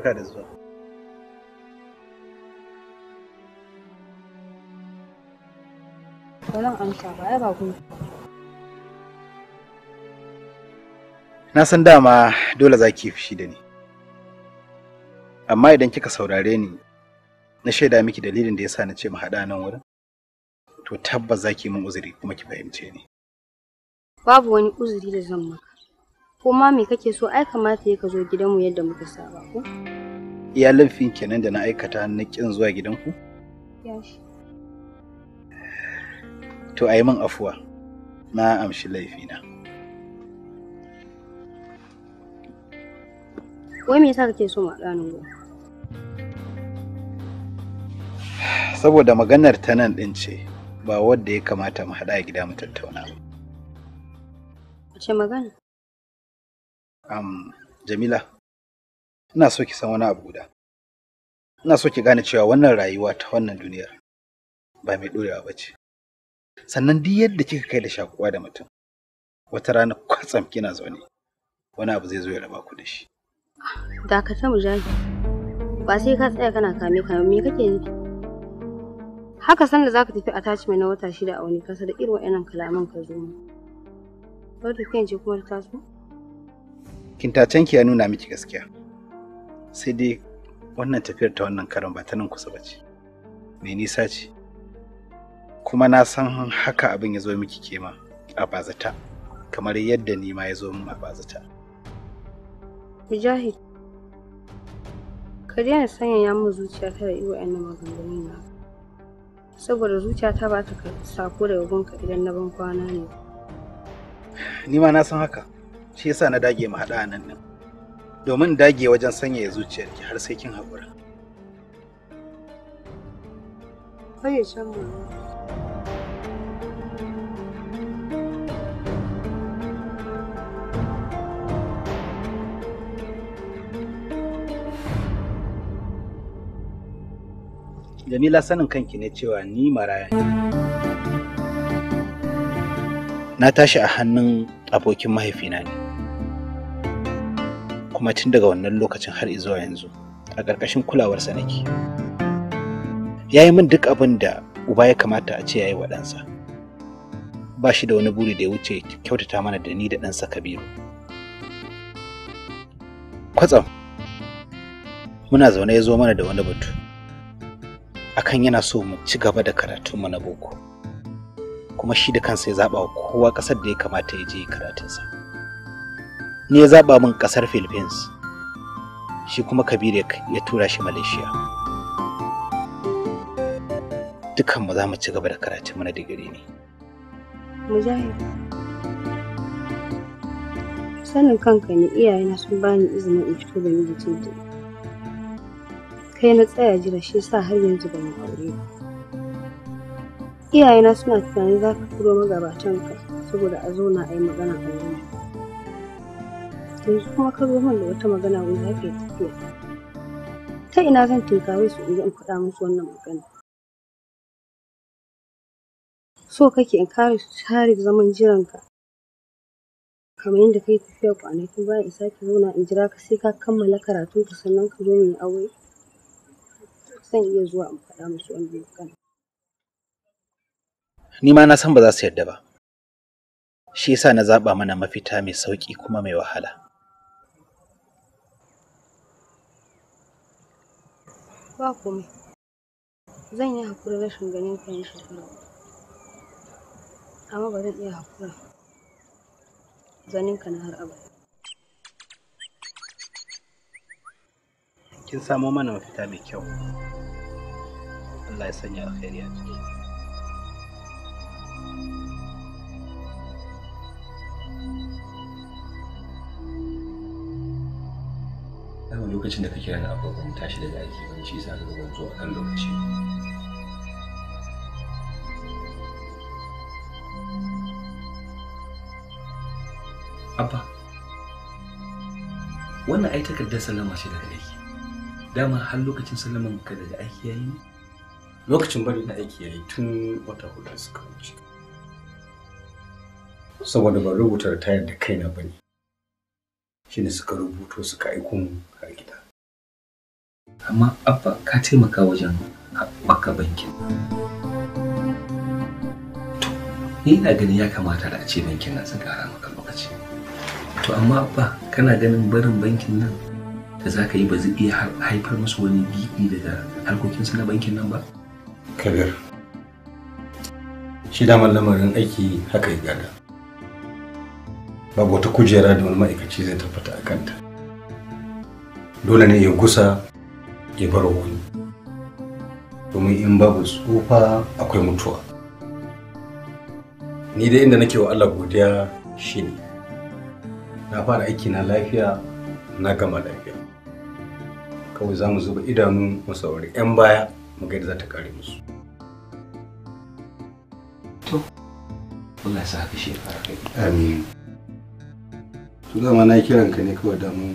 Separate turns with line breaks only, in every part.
barka da zuwa Na san dama dole za ki fushi da ni. Amma idan kika saurare ni na shaida miki dalilin da yasa na ce mu haɗa nan wurin, to tabbas za ki min uzuri kuma ki fahimce ni.
Babu wani uzuri da zan maka. ko ma me kake so ai kamata ka zo gidanmu yadda muka saba ko
iya laifin kenan da na aikata na kin zuwa gidanku to ai min afuwa na amshi laifina
wai me yasa kake so ma ɗanin
saboda maganar ta nan ɗin ce ba wadda ya kamata mu haɗa gida mu tattauna ba. magana? Um, Jamila, ina so ki san wani abu guda. Ina so ki gane cewa wannan rayuwa ta wannan duniyar ba mai dorewa ba ce. Sannan duk yadda kika kai da shakuwa da mutum, wata rana kwatsam kina zaune, wani abu zai zo ya raba ku da shi.
Dakata Mujahid, ba sai ka tsaya kana kame kame me kake yi Haka sanda za ka tafi attachment na wata shida a wani kasa da irin wa'annan kalaman ka zo mu. Wata kyan ce kuma ta taso?
ki ya nuna miki gaskiya sai dai wannan tafiyar ta wannan karan ba ta nan kusa ba ce mai nisa ce kuma na san haka abin ya zo miki kema a bazata kamar yadda ni ma ya zo min a bazata
mujahid ka daina sanyaya min zuciyata da iwa yana maganganu na saboda zuciyata ba ta sako da gunka idan na ban kwana ne
ni ma na san haka shi yasa na dage mu haɗa nan nan domin dage wajen sanyaya zuciyarki har sai kin haƙura Jamila sanin kanki ne cewa ni maraya ne. Na tashi a hannun abokin mahaifina ne. kuma tun daga wannan lokacin har zuwa yanzu a ƙarƙashin kulawarsa nake ya yi min duk abin da uba ya kamata a ce ya yi wa ɗansa ba shi da wani buri da ya wuce kyautata mana da ni da ɗansa kabiru kwatsam muna zaune ya zo mana da wani batu akan yana so mu ci gaba da karatunmu na boko kuma shi da kansa ya zaɓa kowa ƙasar da ya kamata ya je karatunsa ni ya zaɓa min ƙasar philippines shi kuma kabir ya tura shi malaysia dukanmu za mu ci gaba da karatun mana digiri ne
mujahid
sanin kanka ne iyayena sun bani izinin in fito da miji kai na tsaya jira shi sa har yanzu ba aure ba iyayena suna tunanin za ka turo magabatanka saboda a zo na a yi magana a yanzu yanzu kuma ka zo min da wata magana wani ya ke tafiya ta ina zan tunkare su in in musu wannan magana so kake in kare su tare zaman jiranka kamar yadda ka yi tafiya kwanakin Bayan in sake zauna in jira ka sai ka kammala karatun ka sannan ka zo mai aure zan iya zuwa in faɗa musu wannan
magana
ni ma na san ba za su yarda ba shi yasa na zaɓa mana mafita mai sauƙi kuma mai wahala
ba komai zan yi haƙuri rashin ganin ka yin shekara amma ba zan iya haƙura ganin ka na har abada
kin samo mana mafita mai kyau Allah ya sanya
alkhairi a ciki
lokacin da ka kira na abubuwa ta tashi daga aiki ban shi sa ka ban a kan lokaci abba wannan ai takardar sallama ce daga aiki dama har lokacin sallaman ka daga aiki yayi ne lokacin bari na aiki yayi tun wata hudu suka wuce saboda ban rubuta da tayar da kaina bane shine suka rubuto suka aiko mu gida amma abba ka taimaka wajen haɓaka bankin to ni ina ganin ya kamata da a ce bankin nan sun ƙara maka lokaci to amma abba kana ganin barin bankin nan da za ka yi ba zai iya haifar musu wani gibi daga harkokinsu na bankin nan ba kabir shi damar lamarin aiki haka ya gada babu wata kujera da wani ma'aikaci zai tabbata a kanta dole ne ya gusa ya bar wani domin in babu tsufa akwai mutuwa ni dai inda nake wa Allah godiya shine na fara aiki na lafiya na gama lafiya kawai za mu zuba idanu mu saurari 'yan baya mu ga za ta kare musu Allah ya sa haka shekara kai amin to dama na kiran ka ne kawai damu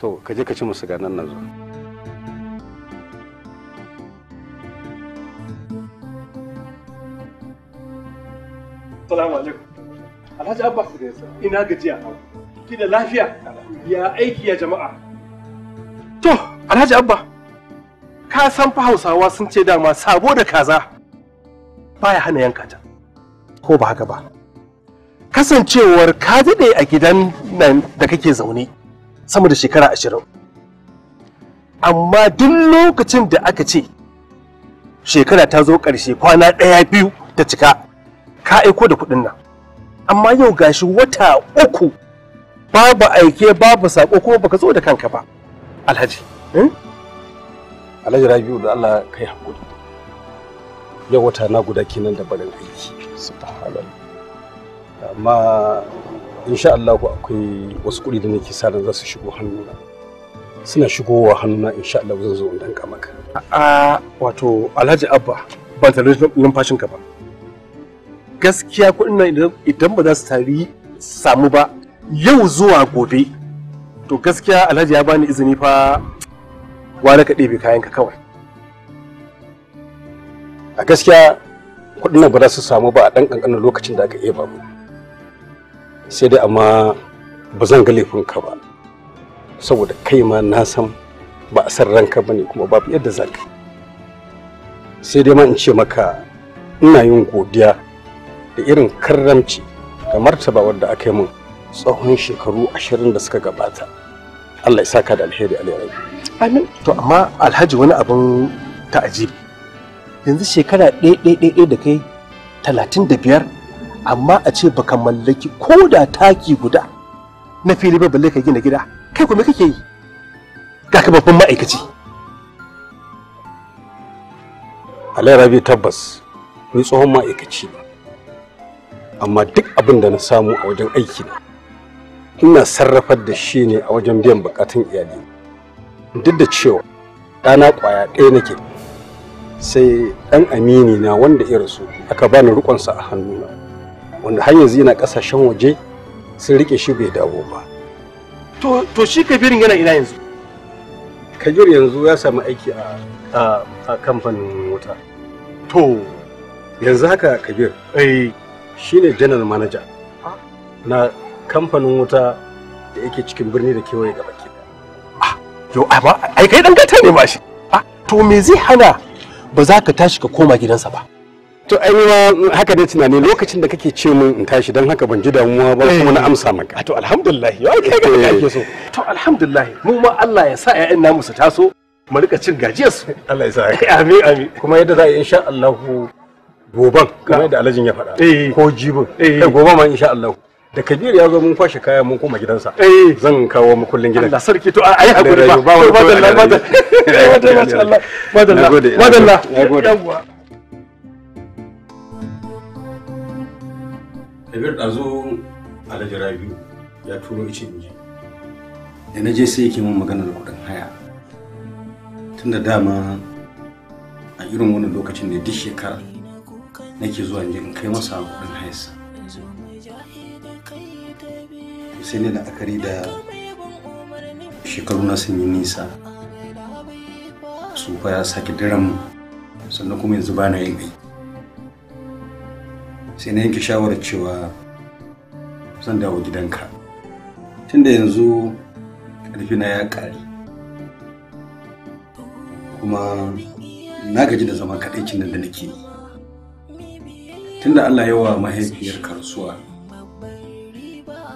to ka je ka ci musu ganan nan zo Salamu alaikum. Alhaji Abbas da yasa ina gajiya. Ki da lafiya? Ya aiki ya jama'a. To, Alhaji Abba, ka san fa Hausawa sun ce dama sabo da kaza baya hana yanka ta. Ko ba haka ba? Kasancewar ka daɗe a gidan nan da kake zaune, sama da shekara ashirin amma duk lokacin da aka ce shekara ta zo ƙarshe kwana ɗaya biyu ta cika ka aiko da kuɗin nan amma yau gashi wata uku babu aike babu sako kuma baka zo da kanka ba alhaji hmm? alhaji rabiu da allah kai hakuri yau wata na guda kenan da barin aiki subhanallah amma insha Allah akwai wasu kuɗi da nake sa za su shigo hannuna suna shigowa hannuna insha Allah zan zo in ka maka a wato Alhaji Abba ban tare numfashin ka ba gaskiya kuɗin nan idan ba za su tari samu ba yau zuwa gobe to gaskiya Alhaji ya bani izini fa wani ka ɗebe kayan ka kawai a gaskiya kuɗin nan ba za su samu ba a ɗan ƙanƙanin lokacin da aka iya babu sai dai amma ba zan ga ka ba saboda kai ma na san ba a san ranka ba ne kuma babu yadda za sai dai ma in ce maka ina yin godiya da irin karramci da martaba wadda aka yi min tsawon shekaru ashirin da suka gabata Allah ya saka da alheri alheri amin to amma alhaji wani abin ta'ajibi yanzu shekara ɗaya ɗaya da kai talatin da biyar amma a ce baka mallaki ko da taki guda na fili ba balle ka gina gida kai kuma kake yi ga ka babban ma'aikaci ya rabi tabbas ni tsohon ma'aikaci amma duk abin da na samu a wajen aiki na ina sarrafar da shi ne a wajen biyan bukatun iyali duk da cewa ɗana ƙwaya ɗaya nake sai ɗan amini na wanda ya rasu aka bani sa a hannuna wanda har yanzu yana kasashen waje sun rike shi bai dawo ba to to shi kabirin yana ina yanzu kabir yanzu ya samu aiki a a kamfanin wuta to yanzu haka kabir eh shine general manager na kamfanin wuta da yake cikin birni da kewaye gaba ke ah yo ai kai dan gata ne ma shi ah, to me zai hana ba za ka tashi ka koma gidansa ba to ainihin haka ne tunani lokacin da kake ce mun in tashi don haka ban ji damuwa ba kuma na eh. amsa maka to alhamdulillah yau kai ga kake so eh. to alhamdulillah mu ma Allah ya sa ƴaƴan namu su taso mu rika cin gajiyar su Allah ya sa amin amin kuma yadda za a yi insha Allah goban kamar yadda alajin ya faɗa eh. ko jibin kai ma insha Allah da kabir ya zo mun kwashe kaya mun koma gidansa zan kawo mu kullun gidan Allah sarki to ai hakuri ba madalla madalla madalla madalla madalla a ɗazu Alhaji biyu ya turo ice inji Da na je sai yake min da kuɗin haya. Tunda dama a irin wannan lokacin ne duk shekara nake zuwa in kai masa kudin hayarsa. Sai ne da akari da shekaru na sun yi nisa. su ya sake diran sannan kuma yanzu ba na yin aiki. sai na yanke shawarar cewa zan dawo gidanka tunda yanzu ƙarfina ya ƙare kuma na gaji da zama kaɗaicin nan da nake yi tunda Allah ya yawa mahaifiyar karsuwa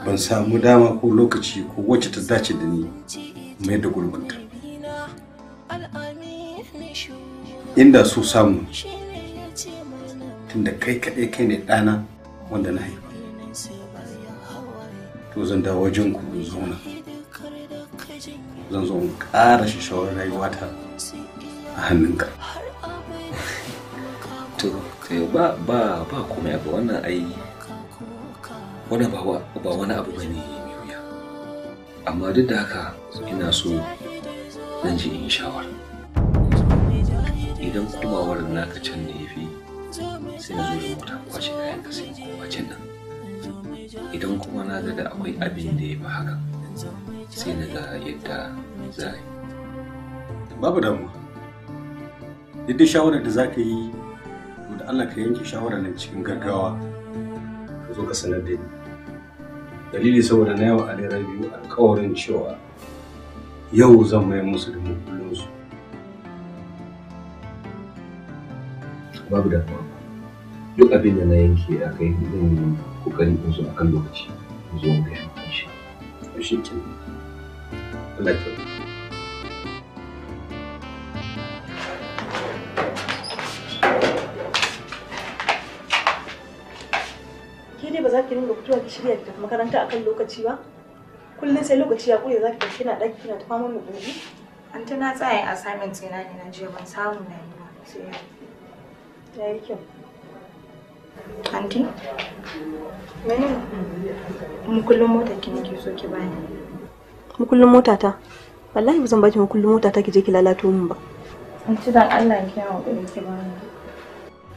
ban samu dama ko lokaci ko wacce ta dace da ni mai da gurbinta inda su samu tunda kai kaɗai kai ne ɗana wanda na haifa to zan dawo wajen ku in zauna zan zo in ƙara rayuwa rayuwata a hannunka to ba ba ba komai ba wannan ai wannan ba wani abu bane mai wuya amma duk da haka ina so zan je in shawara idan komawar naka can ya yafi sai na zo da mota kwace
kayan ka sai kowa
can nan idan kuma na ga da akwai abin da ya fi haka sai na ga yadda za a yi babu damuwa duk da shawarar da za ka yi to da Allah ka yanke shawara nan cikin gaggawa ka zo ka sanar da ni dalili saboda na yawa a naira biyu alkawarin cewa yau zan mai musu da mukulunsu babu damuwa duk abin da na yanke a kai zan yi kokari in zo akan lokaci in zo in yi maka shi shi ke Allah ke
ke dai ba za ki rinka fitowa ki shirya ki tafi makaranta akan lokaci ba kullum sai lokaci ya kure za ki tafi kina ɗaki kina tafa mun gobe an na tsaya assignment ina ne na jiya ban samu na yi ba sai ya yi kyau Anti? Mene? Mukullin mota ki nake so ki bani. Mukullin mota ta? Wallahi ba zan baki mukullin mota ta ki je ki lalato min ba. Anti dan Allah ki yawo gari ki bani.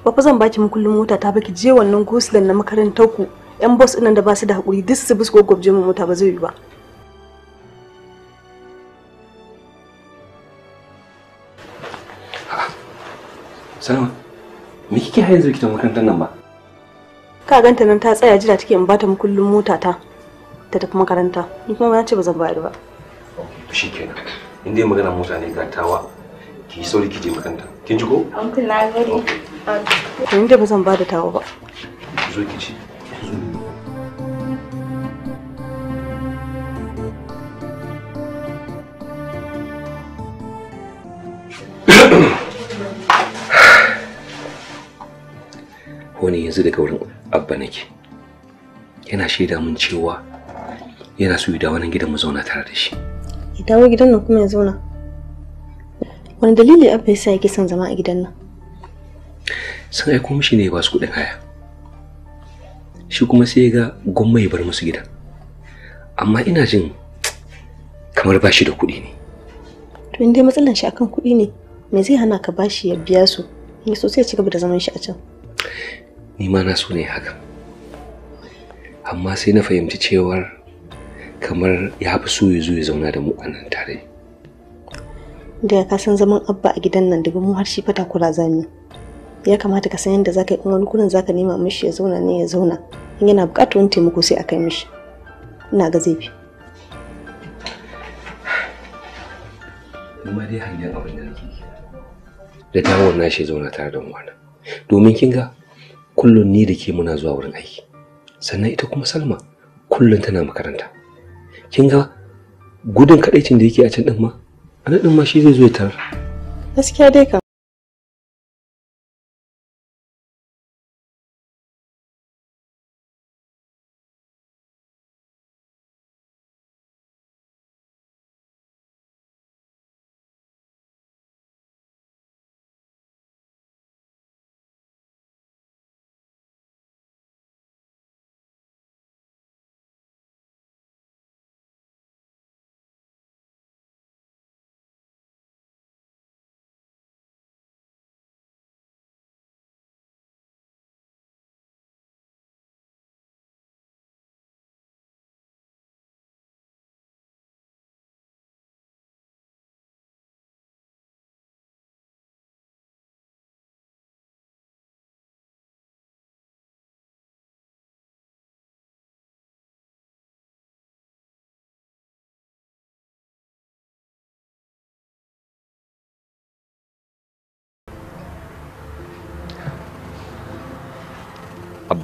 Ba fa zan baki mukullin mota ta ba ki je wannan gosulan na makarantar ku. Yan boss ɗinnan da ba su da haƙuri, duk su bisko gwabje mu mota ba zai yi ba.
Salma, me kike haye zuwa kitan makarantar nan ba?
ka ganta nan ta tsaya jira take in bata mu kullum mota ta ta tafi makaranta ni kuma na ce ba zan bayar ba
shi kenan in dai magana mota ne gatawa ki so sauri ki je makaranta kin ji ko
uncle na gari dai ba zan bada tawa ba
zo ki ci Mm-hmm. Wani yanzu daga wurin abba nake yana shaida mun cewa yana so ya dawo nan gidan mu zauna tare da shi
ya dawo gidan nan kuma ya zauna wani dalili abba ya sa yake son zama a gidan nan
sun aiko mishi ne ba su kuɗin haya shi kuma sai ya ga gwamma ya bar musu gidan amma ina jin kamar ba shi da kuɗi ne
to in dai matsalan shi akan kuɗi ne me zai hana ka bashi ya biya su ne so sai ya ci gaba da zaman shi a can
ni ma na so ne haka amma sai na fahimci cewar kamar ya fi so ya zo ya
zauna da mu a nan tare da ka san zaman abba a gidan nan daga mu har shi fata kura zami ya kamata ka san yadda zaka yi in wani zaka nema mishi ya zauna ne ya zauna in yana buƙatar wani taimako sai a kai mishi ina ga zai fi
kuma dai hanyar abin da nake da dawon shi zauna tare da wani domin kin kullum ni da ke muna zuwa wurin aiki sannan ita kuma salma kullum tana makaranta kin ga
gudun kadaicin da yake a can din ma a nan din ma shi zai zo ya tarar gaskiya dai ka.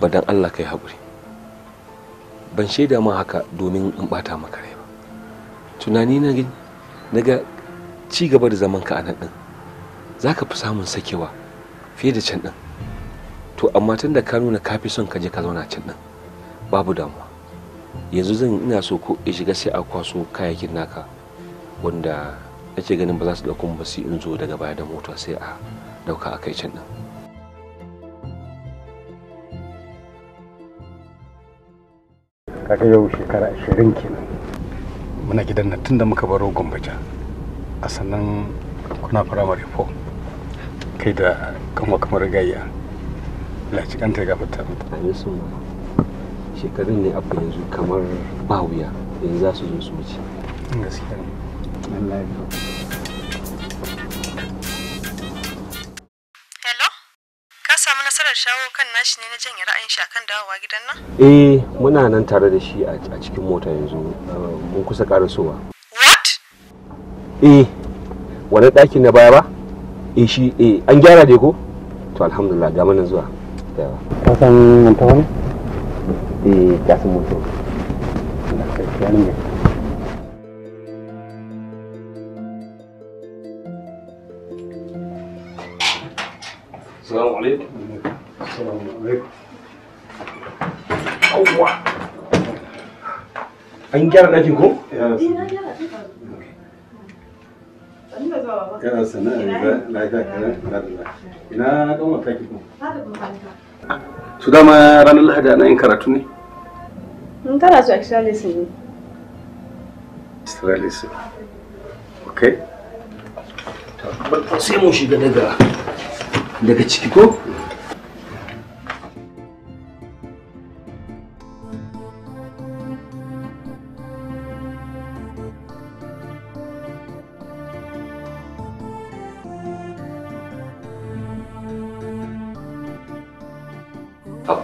ba dan Allah kai
haƙuri ban shaida ma haka domin in bata maka rai ba tunani na naga ci gaba da zaman ka a nan din zaka fi samun sakewa fiye da can ɗin to amma tun da ka nuna ka fi son ka je ka zauna can ɗin babu damuwa yanzu zan ina so ko in shiga sai a kwaso kayakin naka wanda nake ganin ba za su dauko ba sai in zo daga baya da mota sai a ɗauka a kai can ɗin. kaga yau shekara 20 kenan muna gidan nan tun da muka baro gombaja a sannan kuna firamare 4 kai da kanwa kamar gayya laci kanta ga fata a shekarun ne abu yanzu kamar ba wuya yanzu za su zo su wuce gaskiya Allah ya shawo kan nashi ne na janye ra'ayin shi akan dawowa gidan nan? Eh, muna nan tare da shi a cikin mota yanzu. Eh, mun kusa karasowa. What? Eh, wani ɗakin na baya ba? Eh shi eh an gyara dai ko? To alhamdulillah ga mana zuwa. Ka san mun ta wani? Eh, ka san mun ta wani. Allah ka Assalamu alaikum. Yawwa. An ko? Ya Yana eh, sana lafiya kana lafiya. Ina ɗan
wata
Su dama ranar Lahadi ana yin karatu ne?
Mun tara su extra ne.
Sai shiga daga
daga ciki ko?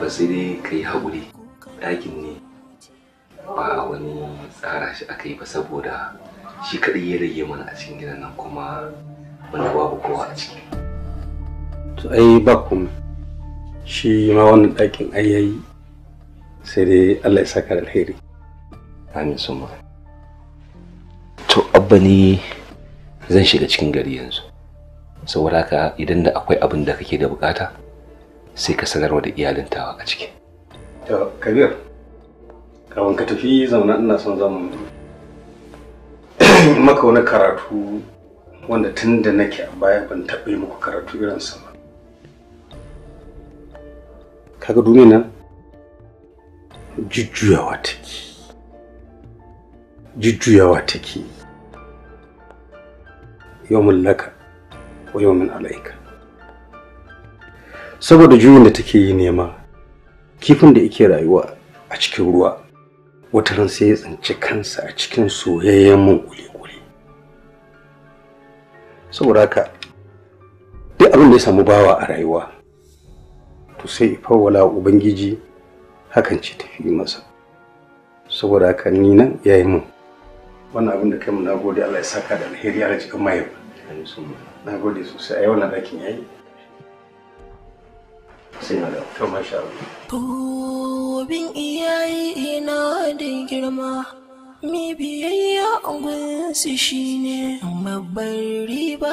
haka sai dai ka yi haƙuri ɗakin ne ba wani tsara shi aka yi ba saboda shi kaɗai ya rage mana a cikin gidan nan kuma wani babu kowa a ciki to ai ba kuma shi ma wannan ɗakin ai yayi sai dai Allah ya saka da alheri amin to abba ne zan shiga cikin gari yanzu saboda haka idan da akwai abin da kake da bukata sai ka sanarwa da iyalin tawa a ciki to kabir kawon ka tafi zauna ina son zamu maka wani karatu wanda tun da nake a baya ban taɓa yi muku karatu irin sa ba kaga duniyar nan jujjuyawa take jujjuyawa take laka wa yawmin alaika saboda juyin da take yi nema kifin da yake rayuwa a cikin ruwa wata ran sai ya tsinci kansa a cikin soyayyen mun kuli-kuli saboda haka duk abin da ya samu bawa a rayuwa to sai ya fawwala ubangiji hakan ce tafi masa saboda haka ni nan yayi mun wannan abin da kai mu nagode Allah ya saka da alheri ya jikin mahaifa na gode sosai a yau na dakin yayi
iyaye da girma mi gunsu shine babbar riba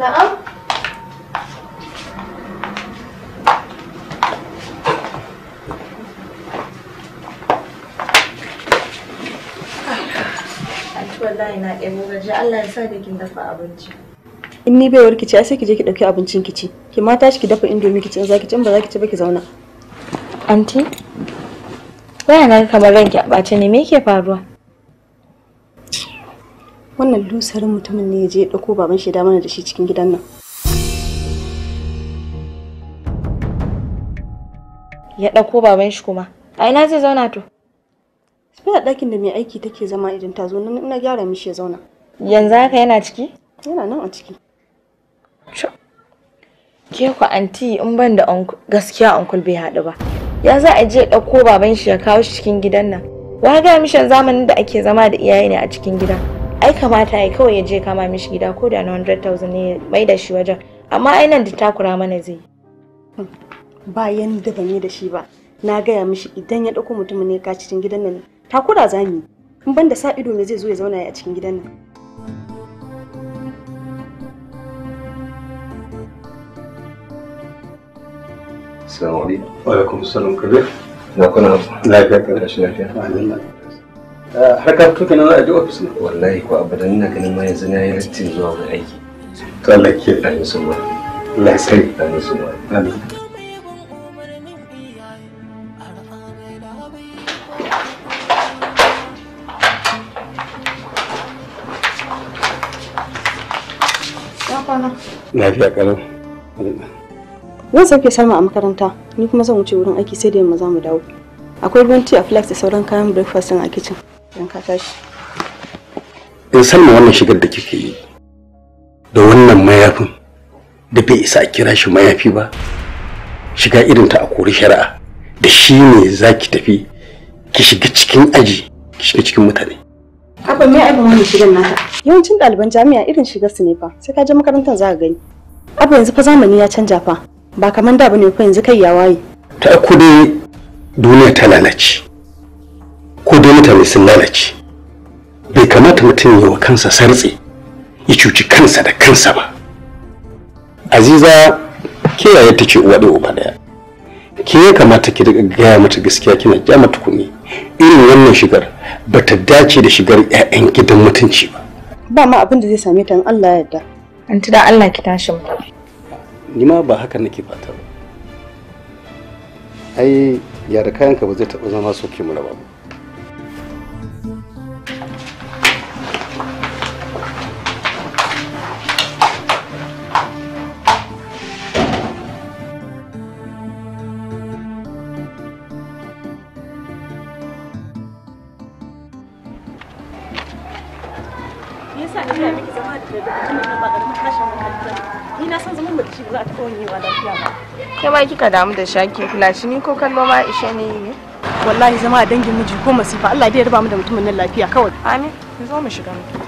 na'am ina Allah ya sa da dafa abinci in ni bai warki ce sai ki je ki dauki abincin ki ci ki ma tashi ki dafa indomi ki ci in zaki ci in ba zaki ci ba ki zauna anti waya na kamar ranki a
ɓace
ne
me yake faruwa wannan lusarin mutumin ne ya je ya dauko baban shi da mana da shi cikin gidan nan ya dauko baban shi kuma a ina zai zauna to Ina ɗakin da mai aiki take zama idan ta zo nan ina gyara mishi ya zauna. Yanzu haka yana ciki? Yana nan a ciki. Ke ku anti in ban da gaskiya onkul bai haɗu ba. Ya za a je ɗauko baban shi ya kawo shi cikin gidan nan. Wa ga mishin zamanin da ake zama da iyaye ne a cikin gida. Ai kamata ya kawai ya je kama mishi gida ko da na 100,000 ne mai da shi wajen. Amma ai nan da takura mana zai yi. Hmm. Ba yanda ban yi da shi ba. Na gaya mishi idan ya ɗauko mutumin ne ka cikin gidan nan takura za mu in ban da sa ido ne zai zo ya zauna a cikin gidan nan
Assalamu alaikum. Wa alaikum salam kabir. Na kuna lafiya ka da shi lafiya. Eh, har ka fito nan a ji ofis ne? Wallahi ko abadan ina ganin ma yanzu na yi lattin zuwa wani aiki. To Allah ke. Amin sun ba. Allah ya sai. Amin sun ba. Amin. kwana? Lafiya kalau.
Zan sauke Salma a makaranta, ni kuma zan wuce wurin aiki sai da yamma za mu dawo. Akwai ruwan tea a flax da sauran kayan breakfast a kitchen. Dan ka tashi.
In eh, Salma wannan shigar da kike yi da wannan mayafin da bai isa a kira shi mayafi ba. Shiga irin ta a kori shari'a da shi ne za ki tafi ki shiga cikin aji ki shiga cikin mutane.
Abba mai abin wani shigan Yawancin ɗaliban jami'a irin shigar su ne fa, sai ka je makarantar za ka gani. Abu yanzu fa zamani ya canja fa, ba kamar da bane fa yanzu kai ya waye.
Ta ku dai duniya ta lalace. Ko dai mutane sun lalace. Bai kamata mutum ya wa kansa sartse ya cuci kansa da kansa ba. Aziza kiyaye ta ce uwa ɗaya uba ɗaya. ke ya kamata ki daga gaya mata gaskiya kina ja mata kuni irin wannan shigar bata dace da shigar ƴaƴan gidan mutunci ba
ba ma abin da zai same ta in Allah ya yarda an da Allah ki tashi mu
ni ma ba haka nake fata ba ai yar kayanka ba zai taɓa zama soke mu raba ba
ma kika damu da shaki kula shi ni ko kalma ma ishe ne ne wallahi zama a dangin miji ko masifa Allah ya raba mu da mutumin nan lafiya kawai amin zo mu shiga mu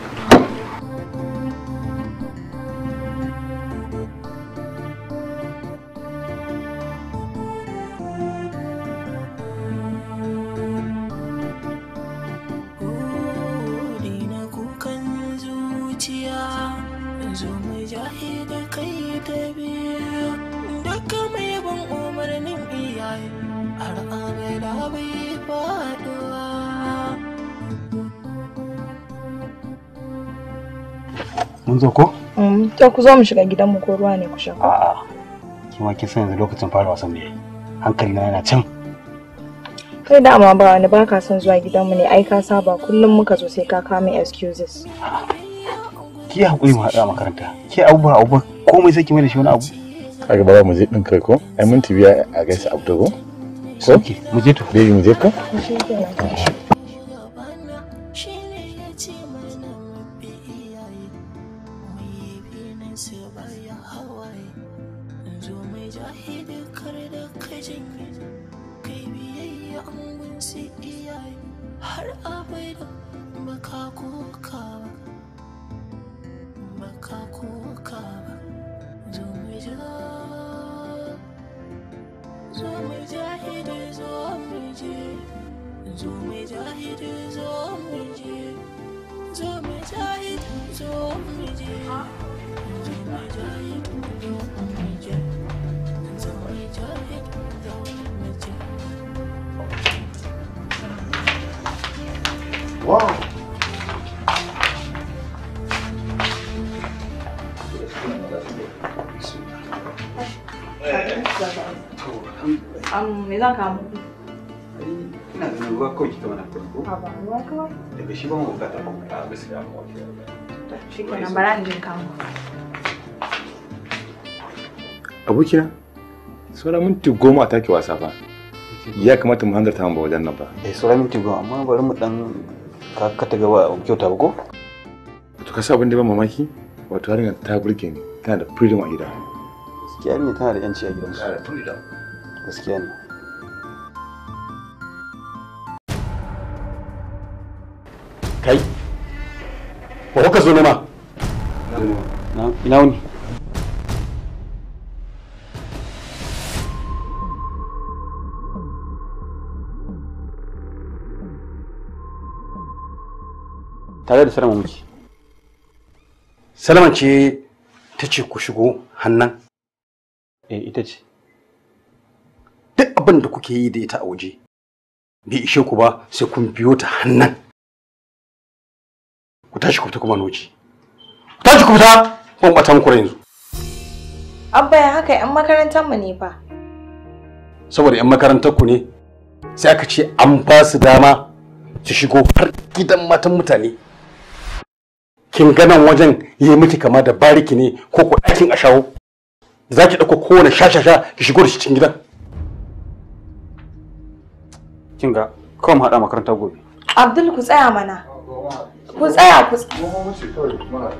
To ku zo mu shiga gidanmu ko ruwa ne ku sha. A'a.
Ki ma kin san yanzu lokacin fara wasan ne. Hankali na yana can.
Kai da amma ba wani baka son zuwa gidanmu ne ai ka saba kullum muka zo sai ka kame excuses.
Ki hakuri mu hada makaranta. Ki abubuwa abubuwa komai sai ki mai da shi wani abu. Kaga ba mu je din kai ko? Ai mun tafiya a gaisa abu ko? Mu je to. Dai mu je ka?
Mu
je za ka muku? Ina da ruwa kawai ki ta mana kuri ko?
Ba ruwa kawai.
Daga shi ba mu bukata ba mu ta bisa da mu wata.
Shi kenan bara in je kawo.
Abokina, sauran
minti goma take wasa fa. Ya kamata mu hanzarta mu ba wajen nan ba. Eh sauran minti goma amma bari mu dan ka ka ta gaba kyauta ba ko?
To ka abin da ba mamaki? Wato harin ta burge ni. Tana da freedom a gida.
Gaskiya ne tana da yanci a gidansu. Tana da freedom. gaskiya ne launi tare da salama muke salama ce ta ce ku shigo hannan eh ita ce duk abin da kuke yi da ita a waje bai ishe ku ba sai kun biyo ta hannan ku tashi ku fita kuma noci ku tashi ku fita ban batan kura yanzu
abba ya haka yan makarantar mu ne fa
saboda yan makarantar ku ne sai aka ce an ba su dama su shigo har gidan matan mutane kin ganan wajen yi miki kama da bariki ne ko ko ɗakin a shawo za ki ɗauko kowane shashasha ki shigo da shi cikin gidan kin ga kawai mu haɗa makarantar gobe
abdul ku tsaya mana
ku tsaya ku tsaya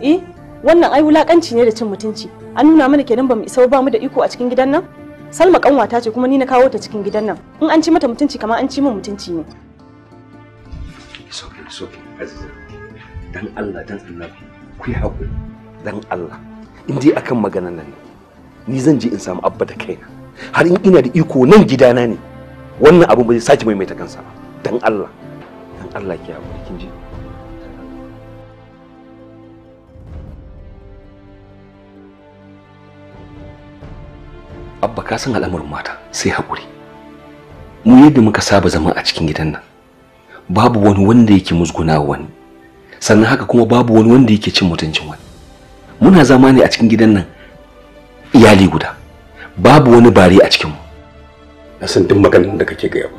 eh wannan ai wulakanci ne da cin mutunci an nuna mana kenan bamu isa ba mu da iko a cikin gidan nan salma kanwata ce kuma ni na kawo ta cikin gidan nan in an ci mata mutunci kamar an ci min mutunci ne
dan Allah dan Allah ku yi hakuri dan Allah in akan maganan nan ni zan je in samu abba da kaina har in ina da iko nan gidana ne wannan abun ba zai sake maimaita kansa ba dan Allah dan Allah ki hakuri abba ka san al'amarin mata sai haƙuri mu yadda muka saba zama a cikin gidan nan babu wani wanda yake musguna wani sannan haka kuma babu wani wanda yake cin mutuncin wani muna zama ne a cikin gidan nan iyali guda babu wani bare a cikinmu na san duk maganin da kake gaya ba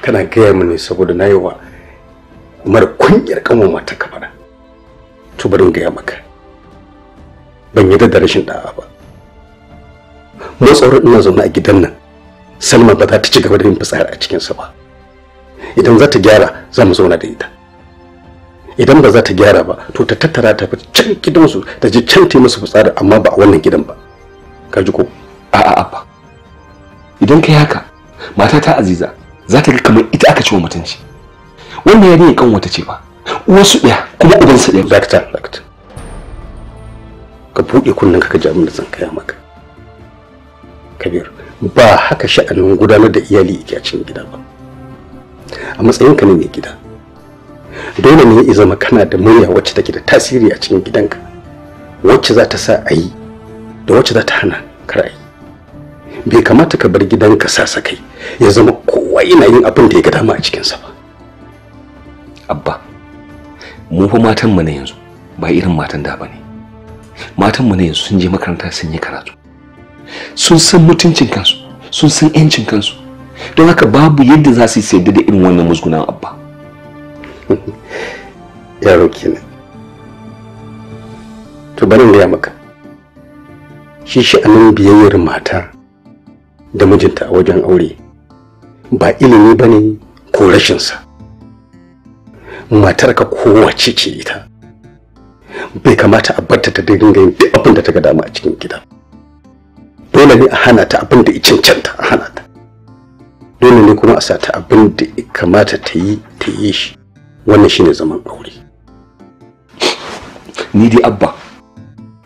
kana gaya mu ne saboda na yi wa mara kunyar kanwa mata ka faɗa to bari in gaya maka ban yi da rashin da'a ba mu tsoron ina zaune a gidan nan salma ba za ta ci gaba da yin fitsari a cikinsa ba idan za ta gyara za mu zauna da ita idan ba za ta gyara ba to ta tattara ta fi can gidansu ta ji can ta musu fitsari amma ba a wannan gidan ba ka ji ko a a ba idan kai haka mata ta aziza za ta ga kamar ita aka ciwo mutunci wannan yarinya kan wata ce ba wasu ɗaya kuma ubansa ɗaya dakta dakta ka buɗe kunnen ka ka ji da zan kaya maka kabir ba haka sha'anin gudanar da iyali yake a cikin gida ba a matsayinka ne mai gida dole ne ya zama kana da murya wacce take da tasiri a cikin gidanka wacce za ta sa a yi da wacce za ta hana kar a bai kamata ka bar gidanka sasa kai ya zama kowa yana yin abin da ya ga dama a cikinsa ba abba mu fa matan mu na yanzu ba irin matan da ba ne matan mu na yanzu sun je makaranta sun yi karatu sun san mutuncin kansu sun san yancin kansu don haka babu yadda za su yi da irin wannan musgunan abba yaro kenan to bari in gaya maka shi sha'anin biyayyar mata da mijinta a wajen aure ba ilimi ba ne ko rashinsa matarka kowace ce ita bai kamata a barta ta dinga yin duk abin da ta ga dama a cikin gida dole ne a hana ta abin da ya cancanta a hana ta dole ne kuma a sa ta abin da ya kamata ta yi ta yi shi wannan shine zaman aure ni dai abba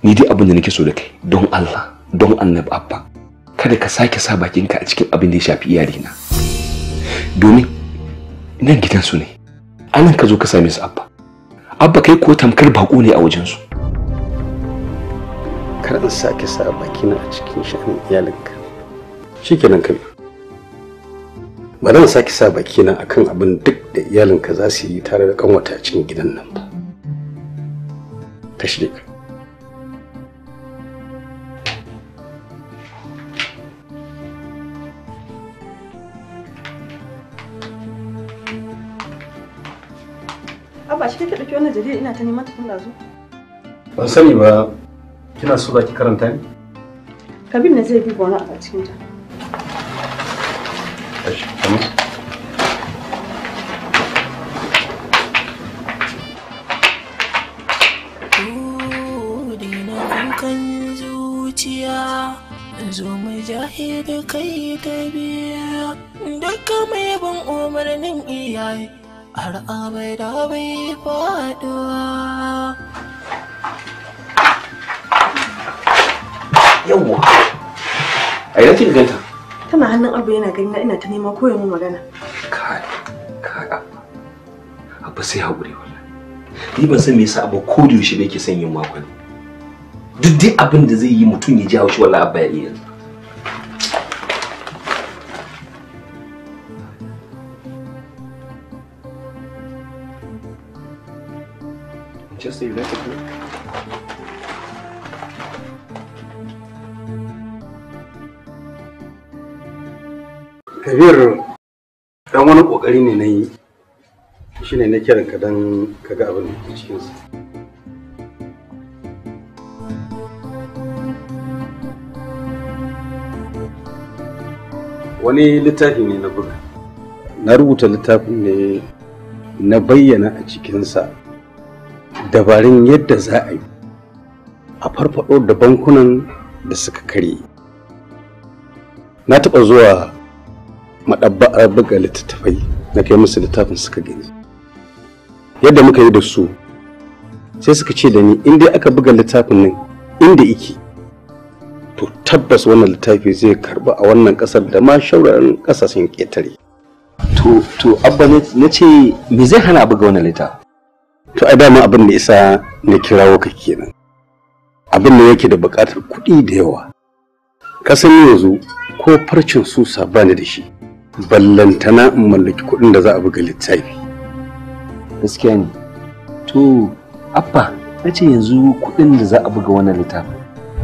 ni dai abin da nake so da kai don Allah don annabi abba kada ka sake sa bakinka a cikin abin da ya shafi iyalina domin nan gidansu ne anan ka zo ka same su abba abba kai ko tamkar bako ne a wajen su. kar in sake sa na a cikin sha'anin iyalinka shikenan kai ba zan sake sa baki bakina akan abin duk da iyalinka za su yi tare da kanwata a
cikin gidan nan ba ta shi ka
Abba shi kake ɗauki wannan jaridar ina ta neman ta tun da zo?
Ban sani ba kina so za ki karanta ne.
Kabir ne zai duba wani abu a cikin ta. kama Tashi,
zo mu jahili kai ta biya duka mai ban umarnin iyaye har abai da bai faduwa
a ina kika ganta
tana hannun abu yana gani na ina ta nema koyo mu magana kai
kai abu sai haƙuri wallahi ni ban san me yasa abu ko da yaushe yake son yin makon duk dai abin da zai yi mutum ya ji haushi wallahi abba ya iya yanzu Manchester United. kabir dan wani kokari ne na yi shine na kiran ka dan kaga abin da ke cikin sa wani littafi ne na buga na rubuta littafin ne na bayyana a cikinsa dabarun yadda za a yi a farfado da bankunan da suka karye na taɓa zuwa maɗabba'a buga littattafai na kai musu littafin suka gani yadda muka yi da su sai suka ce da ni in dai aka buga littafin nan inda iki to tabbas wannan littafi zai karba a wannan kasar da ma shauraran kasashen ƙetare to to abba na ce me zai hana buga wannan littafi to ai dama abin da isa na kirawo ka kenan abin da yake da buƙatar kuɗi da yawa kasan yanzu ko farcin su sabani da shi ballantana in mallaki kuɗin da za a buga littafi gaskiya ne to abba na ce yanzu kuɗin da za a buga wannan littafin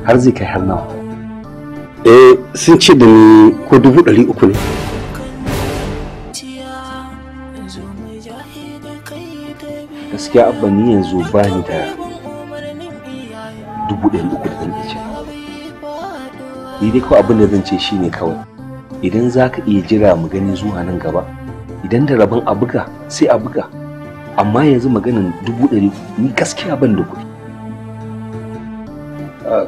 har zai kai har nawa eh sun ce da ni ko dubu ɗari uku ne gaskiya abba ni yanzu ba ni da dubu ɗari uku da zan ce ni dai kawai abin da zan ce shi ne kawai idan za ka iya jira mu gani zuwa nan gaba idan da rabon a buga sai a buga amma yanzu maganin dubu ɗari ni gaskiya ban da kuɗi. Ah,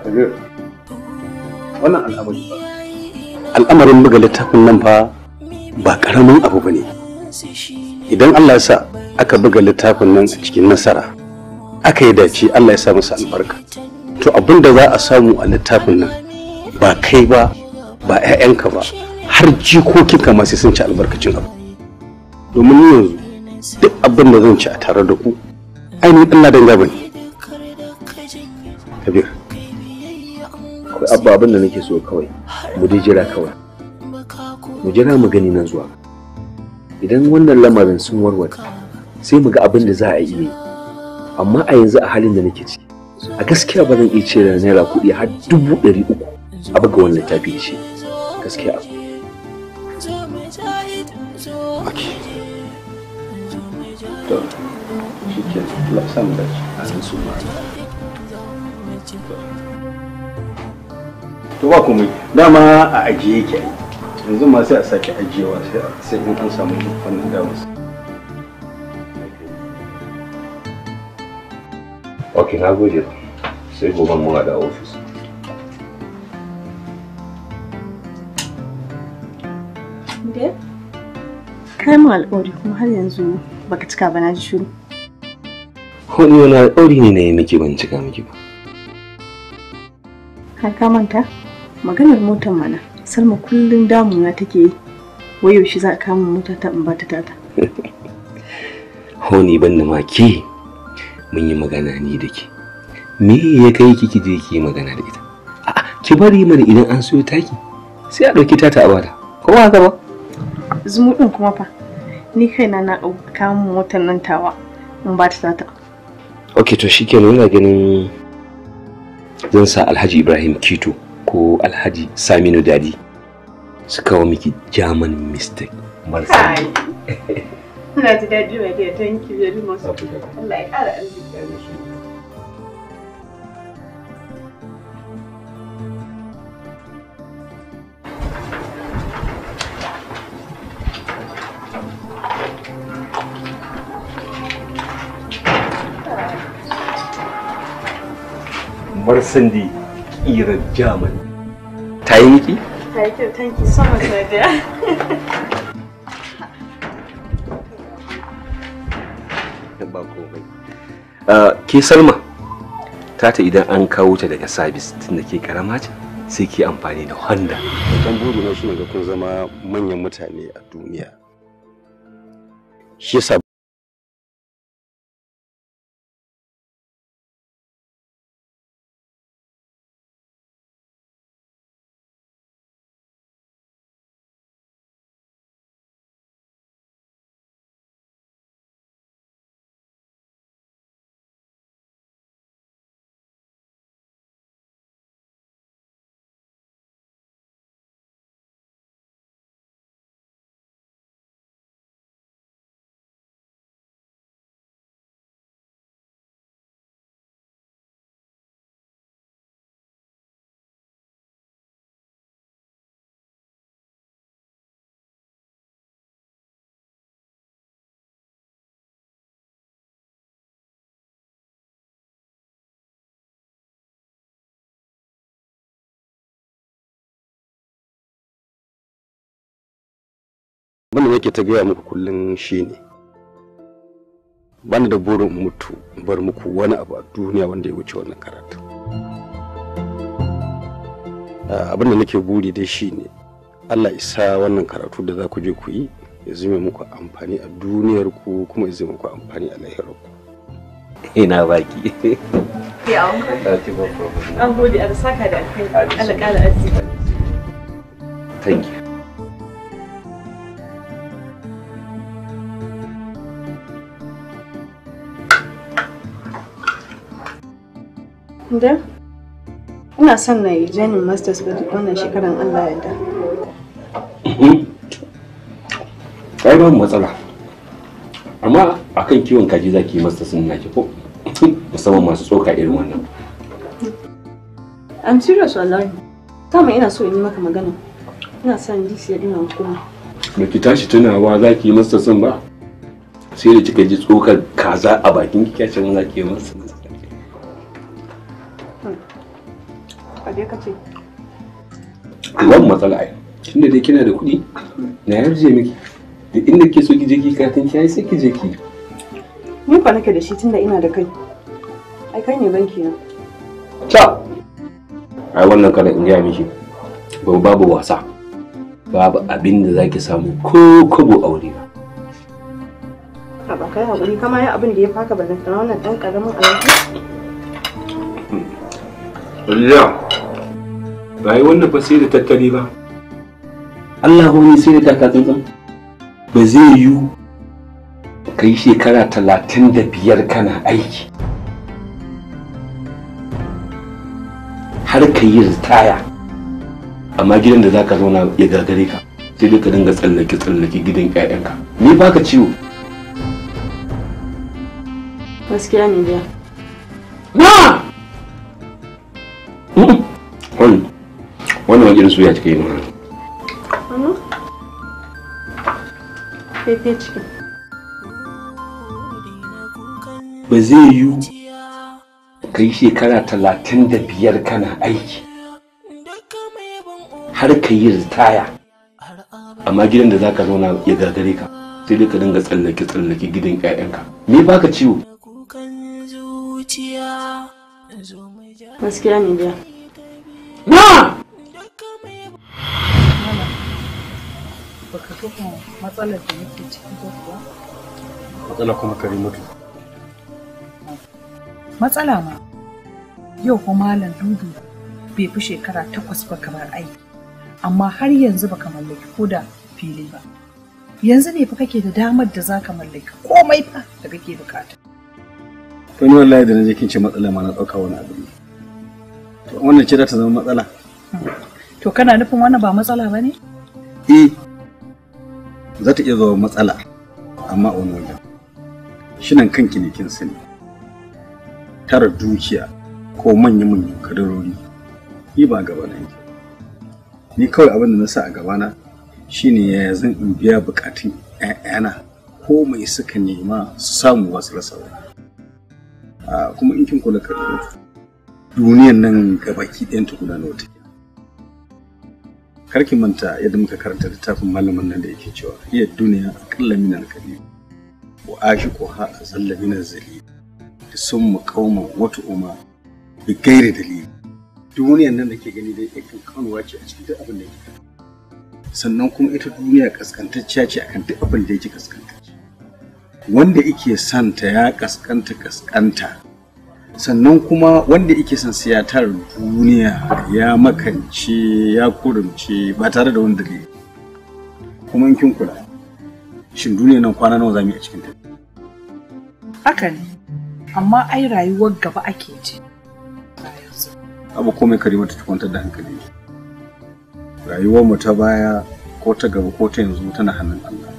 wannan al'amari ba al'amarin buga littafin nan fa ba ƙaramin abu ba ne idan Allah ya sa aka buga littafin nan a cikin nasara aka yi dace Allah ya sa masa albarka to abin da za a samu a littafin nan ba kai ba ba 'ya'yanka ba har jikokin kama sai sun ci albarkacin abu domin yanzu duk abin da zan ci a tare da ku ainihin ɗan ladan gaba ne kabir akwai abba abin da nake so kawai mu dai jira kawai mu jira mu gani nan zuwa idan wannan lamarin sun warware sai mu ga abin da za a yi amma a yanzu a halin da nake ciki a gaskiya ba zan iya cire naira kuɗi har dubu ɗari uku a buga wannan tafi shi gaskiya abu to shi ke da ma to dama a ajiye ke yanzu ma sai a sake ajiyewa sai in an samu wannan damar Ok, na gode. Sai gobe mu da ofis.
Kai mu alƙawari kuma har yanzu baka cika ba na ji shuru
wani wani alƙawari ne na yi miki ban cika miki ba
har ka manta maganar motar mana salma kullum damuna take yi wai yaushe za a kama mota ta in bata tata
honi ban da maki mun yi magana ni da ke me ya kai kiki je ki magana da ita a'a ki bari mana idan an so taki sai a ɗauki tata a bata
ko ba haka ba zumuɗin kuma fa ni kaina na ɗauka motar nan tawa in ba ta
sata
ok to shi ina nuna ganin zan sa alhaji ibrahim kito ko alhaji saminu dadi su kawo miki german mistake
marsan
ina ji daɗi mai thank you very much Allah ya
kamar sandi ƙirar jaman ta yi miki?
ta yi kyau thank so much my dear
ba komai ah, ke salma tata idan an kawo ta daga sabis tunda ke karama ce sai ke amfani da honda don buru na shine ga kun zama manyan mutane
a duniya shi wanda yake ta gaya muku kullum shine bani da burin
mutu bar muku wani abu a duniya wanda ya wuce wannan karatu ah, abin da nake buri dai shine Allah isa wannan karatu da za ku je ku yi ya zama muku amfani a duniyar ku kuma ya zama muku amfani a lahirar ku ina baki
an saka da thank you Da? Ina son na yi joinin masters ba wannan shekarar Allah ya da.
Kai mhm. ba matsala. Amma akan kiwon kaji za ki yi masters na ki ko? Musamman masu tsoka irin wannan.
I'm serious wallahi. Kama ina so in yi maka magana. Ina son DC ya dina hukuma.
Ba ki tashi tunawa za ki yi masters ba? Sai da kika ji tsokar kaza a bakin kicin za ki yi masters. je ka ce babu matsala ai tunda dai kina da kuɗi na yarje miki da inda ke so ki je ki katin ki ai sai ki je ki
ni fa nake da shi tunda ina da kai ai kai ne banki na
ta ai wannan kada in gaya miki ba babu wasa babu abin da zaki samu ko kobo aure
ba ba kai haƙuri kama yin abin da ya faka ba na wannan ɗan ƙaramin
alaƙa. rayuwar nan fa sai da tattali ba Allah ni sai da takatsantsan ba zai yiwu kai shekara talatin da biyar kana aiki har ka yi ritaya amma gidan da zaka zauna ya gagare ka sai dai ka dinga tsallake tsallake gidan n'i ba ka ciwo
gaskiya ne biya na
hmm. wannan wani irin soya kika yi mana
mama pepe
ba zai yiwu yi shekara talatin da biyar kana aiki har ka yi ritaya amma gidan da za ka zauna ya gagare ka sai dai ka dinga tsallake tsallake gidan 'ya'yanka me baka ciwo
gaskiya ne biya na baka gane matsalar da nake ciki ba kuwa
matsala kuma kare mutu
matsala ma yau kuma malam dudu bai fi shekara takwas ba kamar aiki amma har yanzu ba ka mallaki ko da fili ba yanzu ne fa kake da damar da za ka mallaki komai fa da
kake bukata
to ni wallahi da naje kin ce matsala ma na dauka wani abu ne to wannan ce za ta zama matsala hmm.
to kana nufin wannan ba matsala bane
eh za ta iya zama matsala amma a wani wajen shinan kan kinikin ne tara dukiya ko manya-manyan kadarori ni ba gaba na yake ni kawai abin da na sa a gabana shine yaya zan in biya bukatun 'ya'yana ko mai suka nema su samu wasu rasa ah, kuma in kin kula duniyan nan gabaki ɗayan ta gudanar take karki manta yadda muka karanta littafin malamin nan da yake cewa iya duniya aqalla min al-kalim wa a azalla min da sun mu kauma wata tu'ma bi gairi dalili duniyan nan da ke gani dai yake kanwa ce a cikin duk abin da yake sannan kuma ita duniya kaskantacciya ce akan duk abin da yake kaskantacce wanda yake santa ya kaskanta kaskanta sannan kuma wanda yake son siyatar duniya ya makance ya kurumce ba tare da wanda dalili kuma in kin kula shin duniya nan kwana nawa zamu yi a cikin ta
haka ne amma ai rayuwar gaba ake ji
abu komai karima ta kwantar da hankali rayuwar mu ta baya ko ta gaba ko ta yanzu tana hannun Allah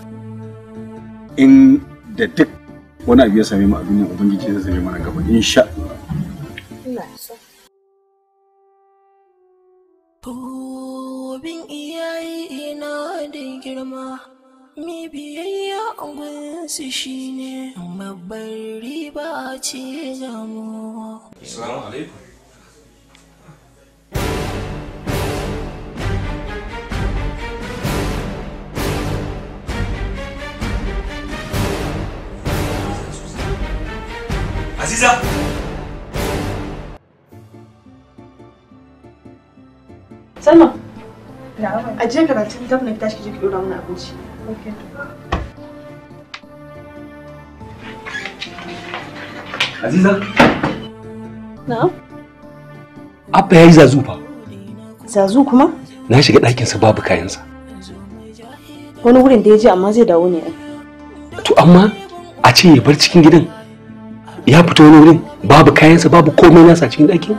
in da duk wani abu ya same mu a duniya ubangiji
zai same mana gaba insha sha.
Tobin iyaye ina da girma mi gunsu shine babbar riba ce
Hadiza!
Salma, Aziza?
Abba ya yi zazu
Zazu kuma?
Na shiga ɗakinsa babu kayansa.
Wani wurin da ya je amma zai dawo ne.
To amma a ce ya bar cikin gidan ya fita wani wurin babu kayansa babu komai nasa cikin ɗakin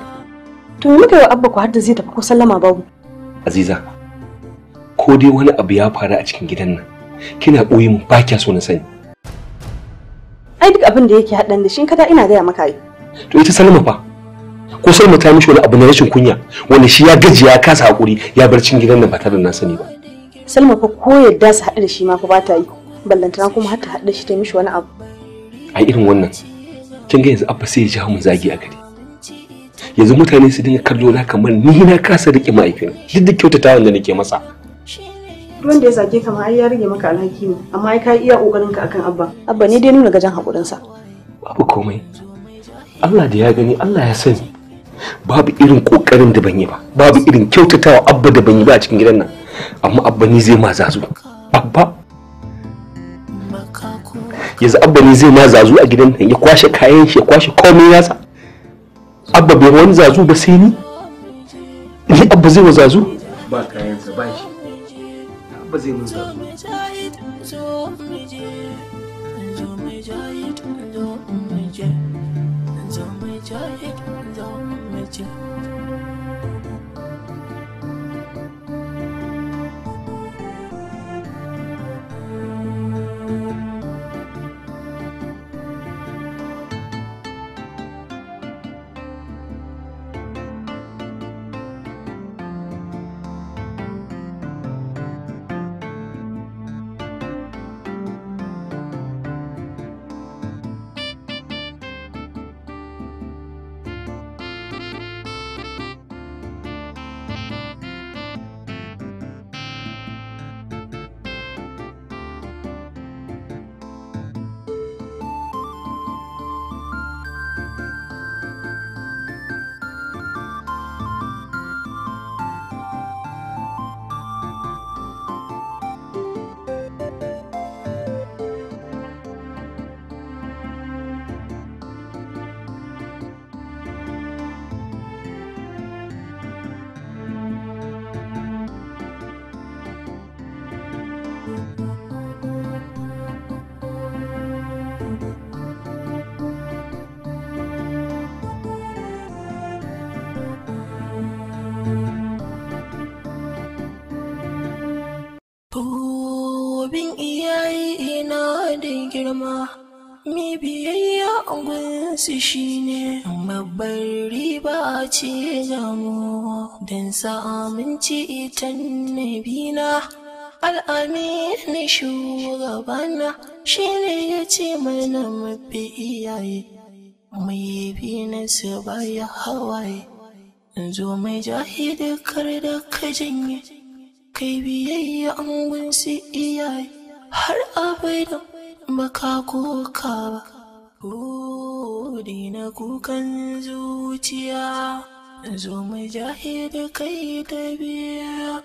to me muka yi abba ku har da zai tafi ko sallama babu
aziza ko dai wani abu ya faru a cikin gidan nan kina ɓoye mu ba kya so na sani
ai duk abin da yake haɗan da shi kada ina gaya maka yi
to ita salma fa ko salma ta mishi wani abu na rashin kunya wanda shi ya gaji ya kasa hakuri ya bar cikin gidan nan ba tare da na sani ba
salma fa ko yadda su haɗu da shi ma fa ba ta yi ballantana kuma har ta haɗu da shi ta mishi wani abu
ai irin wannan kin ga yanzu abba sai ya ji hamun zagi a gari yanzu mutane su dinga kallo na kamar ni na kasa rike ma'aikina duk da kyautata da nake masa
ruwan da ya sake ka ma ai ya rage maka alhaki ne amma ai ka iya kokarin ka akan abba abba ni dai nuna gajan hakurin sa
babu komai Allah da ya gani Allah ya sani babu irin kokarin da ban yi ba babu irin kyautatawa abba da ban yi ba a cikin gidan nan amma abba ni zai ma zazu abba yanzu abba ne zai ma zazu a gidan nan ya kwashe kayan shi ya kwashe komai yasa abba bai wani zazu ba sai ni
ni abba zai wa zazu
ba kayan sa ba shi abba zai mun zazu
Gobin
iyaye na da girma, mi biyayya gunsu shi ne babbar riba ce jamu don sa'aminci itan nabina. Al'amini shugabana shi ne ya ce mana mafi iyaye, mai bi na su baya hawaye, zo mai jahilin kar da ka janye. kai biyayya an gunsi e iyaye har da baka koka ba Hudi na kukan zuciya zo mu jahili kai ta biya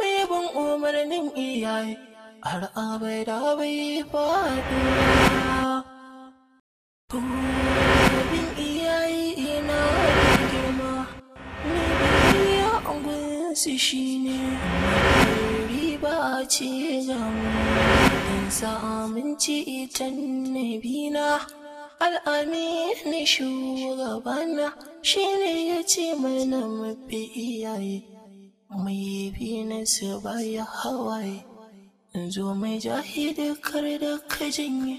mai ban umarnin iyaye har abada bai faɗi su shine riba ce zan in samun ci na. nabina al'amini shugabana shine ya ce mana mafi iyaye mai bi na su baya hawaye zo mai da kar da ka janye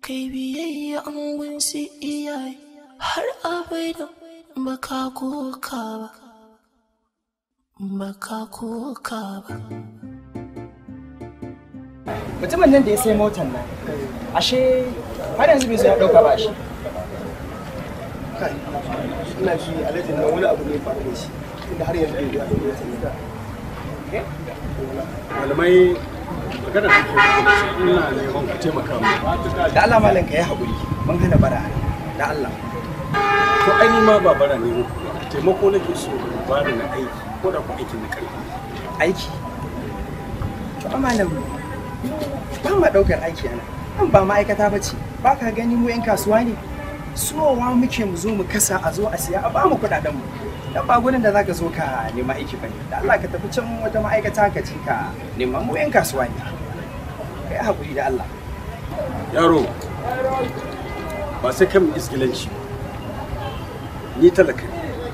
kai biyayya an gunsi iyaye har abai da baka ko ba baka kuka
ba
mutumin nan da ya sai motar nan ashe har yanzu
bai ya dauka ba shi
ina ji alhaji nan wani abu ne faru da shi inda har yanzu bai zo da motar nan malamai magana da ke ina ku taimaka mu da Allah malam ka yi haƙuri mun hana bara da Allah to ai ma ba bara ne taimako nake so ba da na aiki ko da kuma aikin na ƙarfi
aiki to amma nan ba ma ɗaukar aiki ana an ba ma'aikata ba ce ba ka gani mu 'yan kasuwa ne
suwawa muke mu zo mu kasa a zo a siya a ba mu kuɗaɗen mu dan ba gudun da za ka zo ka nema aiki bane da Allah ka tafi can wata ma'aikata ka ci ka nema mu yan kasuwa ne kai hakuri da Allah yaro ba sai kan iskilanci ni talaka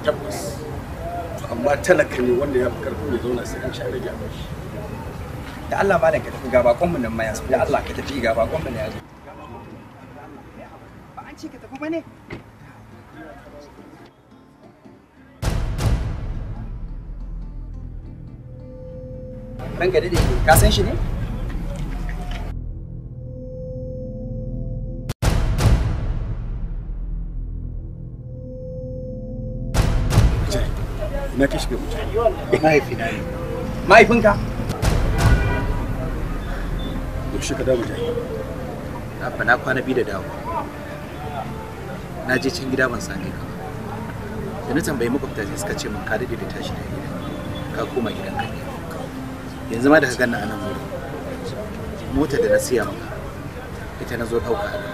tabbas amma talaka ne wanda ya fi karfi ya zauna sai an sha rage shi da Allah malam ka tafi ga bakon mu nan ma da Allah ka tafi ga bakon mu nan yanzu
ba an ce
ka tafi ba ne ranka dade ka san shi ne
na ta
shiga wuta mahaifina ne mahaifinka yaushe ka dawo mutane abba na kwana biyu da dawo na je can gida ban same ka da na tambayi makwabta sai suka ce min ka daɗe da tashi da gida ka koma gidan ka ne yanzu ma da ka ganna a nan wurin mota da na siya maka ita na zo ɗauka a nan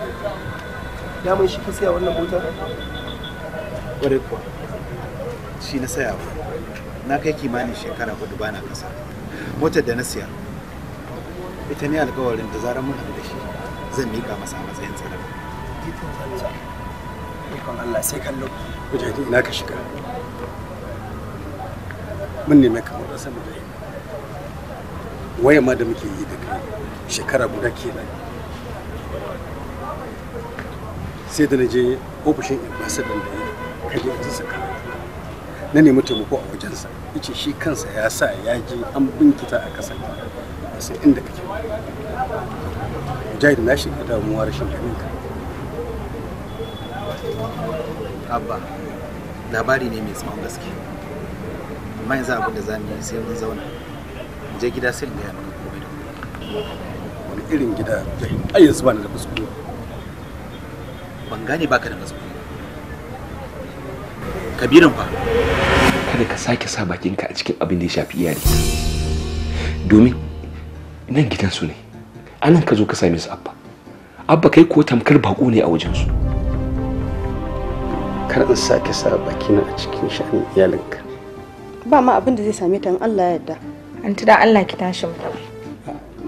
daman shi
ka siya wannan motar
ƙwarai kuwa shi na saya na kai kimanin shekara hudu bana kasa motar da na siya ita ne alkawarin da zarar mun da shi zan mika masa a matsayin tsara ikon Allah sai kallo kujaki ina ka shiga mun neme ka mu rasa mu waya ma da muke yi da kai shekara guda kenan sai da na je ofishin ambassador da ya kaje a jinsa kawai na nemi taimako a wajensa ce shi kansa ya sa ya ji an binkita a kasan a sai inda kake da na shiga damuwa rashin ganin ka abba labari ne mai tsawon gaske amma yanzu abin da za mu yi sai mun zauna je gida sai in gaya maka komai da wani irin gida ai ayyansu ba na da fuskuri ban gane baka da fuskuri kabirin fa kada ka sake sa bakinka a cikin abin da ya shafi iyali domin nan gidansu ne anan ka zo ka same su abba abba kai ko tamkar bako ne a wajensu kar in sake sa bakina a cikin sha'anin iyalinka
ba ma abin da zai same ta in Allah ya yarda an da Allah ki tashi mu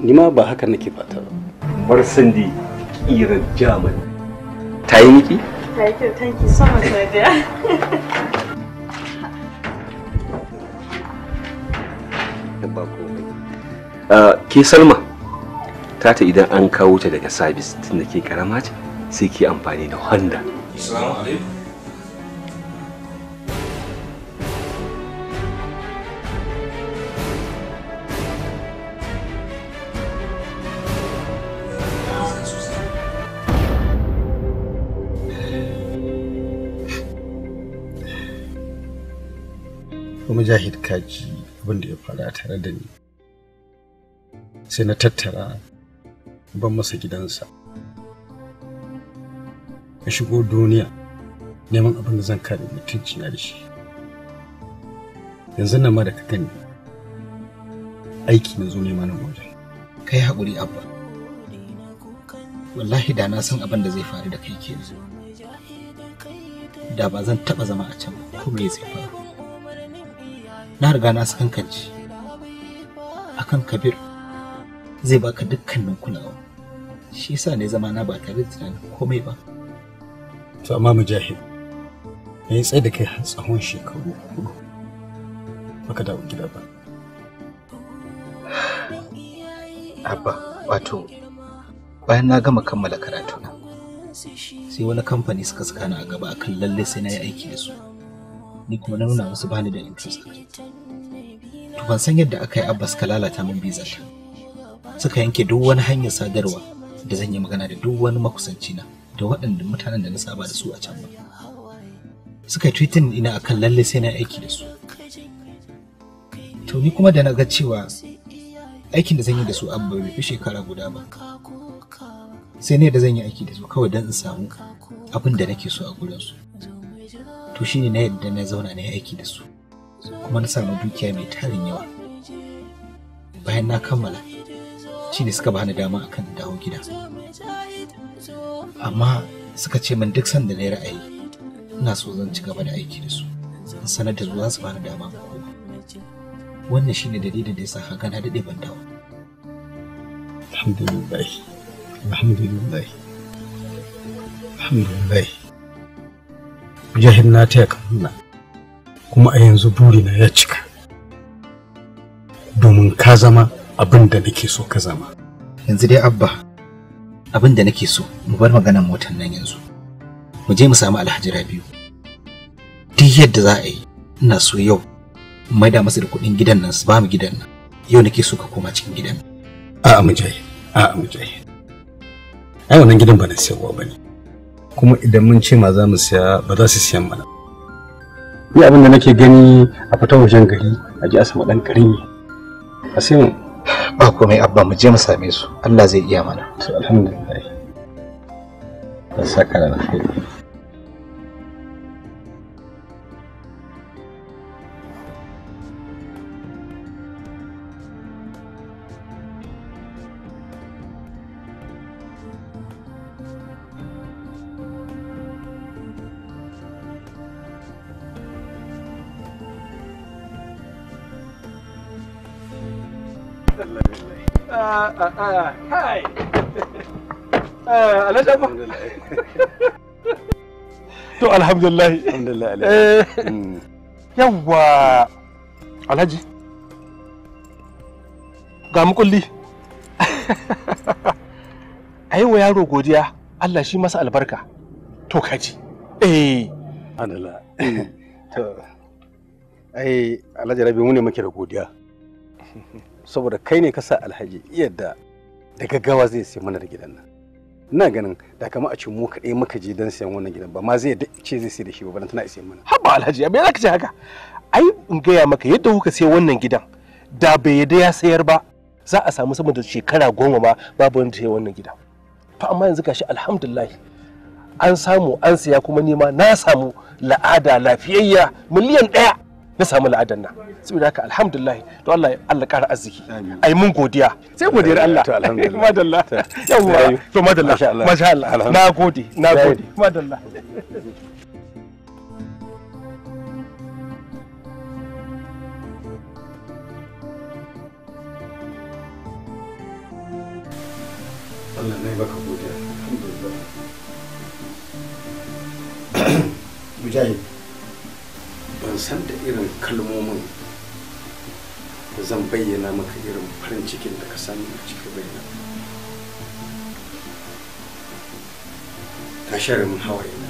ni ma ba haka nake fata ba bar sandi kiran jamani. ta yi miki
thank you thank you so much my dear
ke salma tata idan an kawo ta daga sabis tunda ke karama ce sai ke amfani da honda mujahid kaji abin da ya faru a tare da ni sai na tattara ban masa gidansa ka shigo duniya neman abin da zan kare mutunci na da shi yanzu nan ma da ka gani aiki na zo nema na waje kai haƙuri abba wallahi da na san abin da zai faru da kai ke da ba zan taɓa zama a can ko me zai faru na riga na sakankance akan kabir zai baka dukkanin kulawa shi yasa ne zama na ba tare da tunanin komai ba to amma mujahid na yi tsaye da kai tsawon shekaru hudu baka dawo gida ba abba wato bayan na gama kammala karatu na sai wani kamfani suka saka a gaba akan lalle sai na yi aiki da su ni kuma na nuna musu bani da interest to ban san yadda aka yi abba suka lalata min bizar suka yanke duk wani hanyar sadarwa da zan yi magana da duk wani makusanci na da waɗanda mutanen da na saba da su a can ba suka yi ina akan lalle sai na aiki da su to ni kuma da na ga cewa aikin da zan yi da su an bai fi shekara guda ba sai ne da zan yi aiki da su kawai don in samu abin da nake so a gurinsu to shine na yadda na zauna na yi aiki da su kuma na samu dukiya mai tarin yawa bayan na kammala shi ne suka bani dama akan in dawo gida amma suka ce min duk sanda na yi ra'ayi ina so zan ci gaba da aiki da su in sanar da zuwa za su bani dama ko Wannan wannan ne dalilin da ya sa haka na daɗe ban dawo alhamdulillah alhamdulillah alhamdulillah mujahid na taya kamuna kuma a yanzu burina ya cika domin ka zama abin da nake so ka zama yanzu dai abba abin da nake so mu bar maganar motar nan yanzu mu je mu samu alhaji rabiu duk yadda za a yi ina so yau mai da masa da kuɗin gidan nan su ba mu gidan nan yau nake so ka koma cikin gidan a'a mujahid a'a mujahid ai wannan gidan ba na siyarwa bane kuma idan mun ce ma za mu siya ba za su siyan mana ni abin da nake gani a fita wajen gari a ji a sama dan yi a sai ba komai abba mu je mu same su Allah zai iya mana alhamdulillah saka da Hai. Alhaji eh. mm. Alhaji. Ga mukulli. A yi wa yaro godiya Allah shi masa albarka. To eh. Alhamdulillah. Mm. To. Ai Alhaji Rabi ne muke da godiya. saboda kai ne ka sa alhaji yadda da gaggawa zai sai mana da gidan nan ina ganin da kama a ce mu kaɗai muka je don sayan wannan gidan ba ma zai da ce zai sai da shi ba balantana ya sayan mana haba alhaji abin za ka ce haka ai in gaya maka yadda kuka sai wannan gidan da bai yadda ya sayar ba za a samu sama shekara goma ba babu wanda ya wannan gidan fa amma yanzu gashi alhamdulillah an samu an saya kuma nema na samu la'ada lafiyayya miliyan ɗaya na samu la'adan nan saboda haka alhamdulillah to Allah ya Allah ƙara arziki ai mun godiya sai godiyar Allah madalla yawwa to madalla masha Allah na gode na gode madalla
Allah na baka godiya alhamdulillah
mujahid san da irin kalmomin da zan bayyana maka irin farin cikin da ka sami a cikin bayyana ta share min hawaye na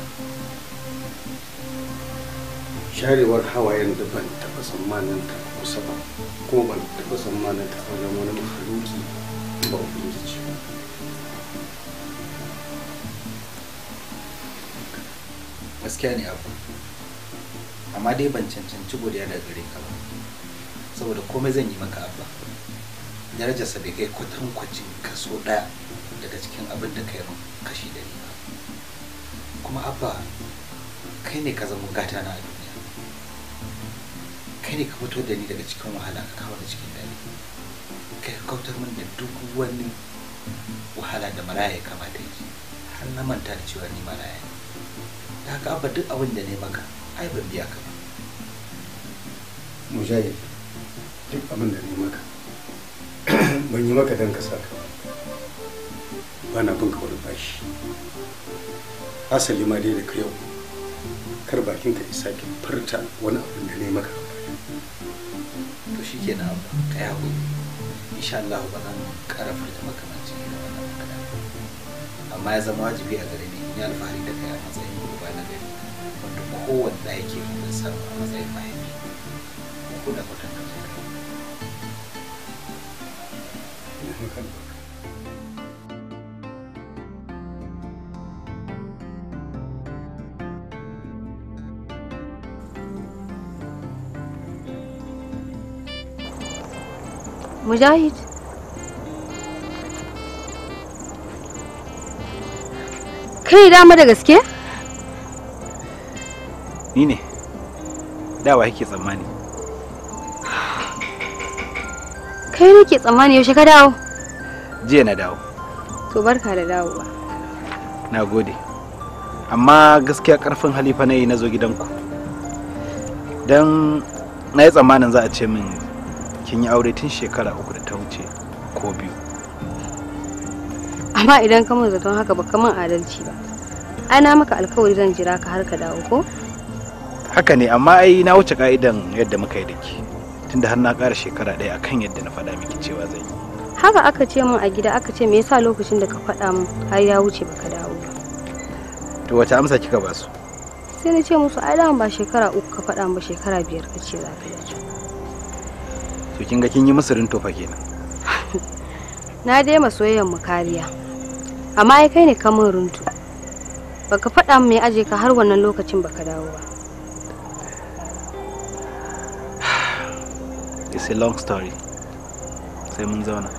sharewar hawayen da ban taɓa tsammanin ta kusa ba ko ban taɓa tsammanin ta wajen wani mahaluki ba ubangiji gaskiya ne abu amma dai ban cancanci godiya daga gare ka ba saboda komai zan yi maka abba darajarsa bai kai kwatankwacin kaso ɗaya daga cikin abin da kai kashi ɗari ba kuma abba kai ne ka zama gata na duniya kai ne ka fito da ni daga cikin wahala ka kawo da cikin dare? kai ka kautar min da duk wani wahala da mara ya kamata yi har na manta da cewa ni ya ne da haka abba duk abin da ne maka ai ban biya ka ba mujahid duk abin da ni maka ban yi maka don ka saka ba na bin ka wani bashi asali ma dai da yau kar bakin ka isa ki furta wani abin da ni maka to shi ke na ka yi haƙuri insha Allah ba zan kara furta maka ba ce amma ya zama wajibi a gare ni in yi alfahari da kai a matsayin wanda kowanne da yake da sarwa a zai fahimci ko
da kwatan da zai kai
Mujahid. Kai dama da gaske?
ni ne dawa yake tsammani
kai nake tsammani yaushe ka dawo jiya na dawo to barka da dawowa
na gode amma gaskiya karfin halifa na yi na zo gidanku don na yi tsammanin za a ce min kin yi aure tun shekara uku da ta wuce ko biyu
amma idan ka mun zaton haka ba kaman adalci ba Ana maka alkawari zan jira ka har ka dawo ko
haka ne amma ai na wuce ka'idan yadda muka yi da ke tunda har na ƙara shekara ɗaya akan yadda na faɗa miki cewa zai yi
haka aka ce min a gida aka ce me yasa lokacin da ka faɗa min har ya wuce baka dawo ba
to wata amsa kika ba su
sai na ce musu ai dama ba shekara uku ka faɗa ba shekara biyar ka ce za ka yi
to kin ga kin yi musu tofa kenan
na dai soyayyar mu kariya amma ai kai ne ka min runtu baka faɗa min me aje ka har wannan lokacin baka dawo ba
it's a long story Same mun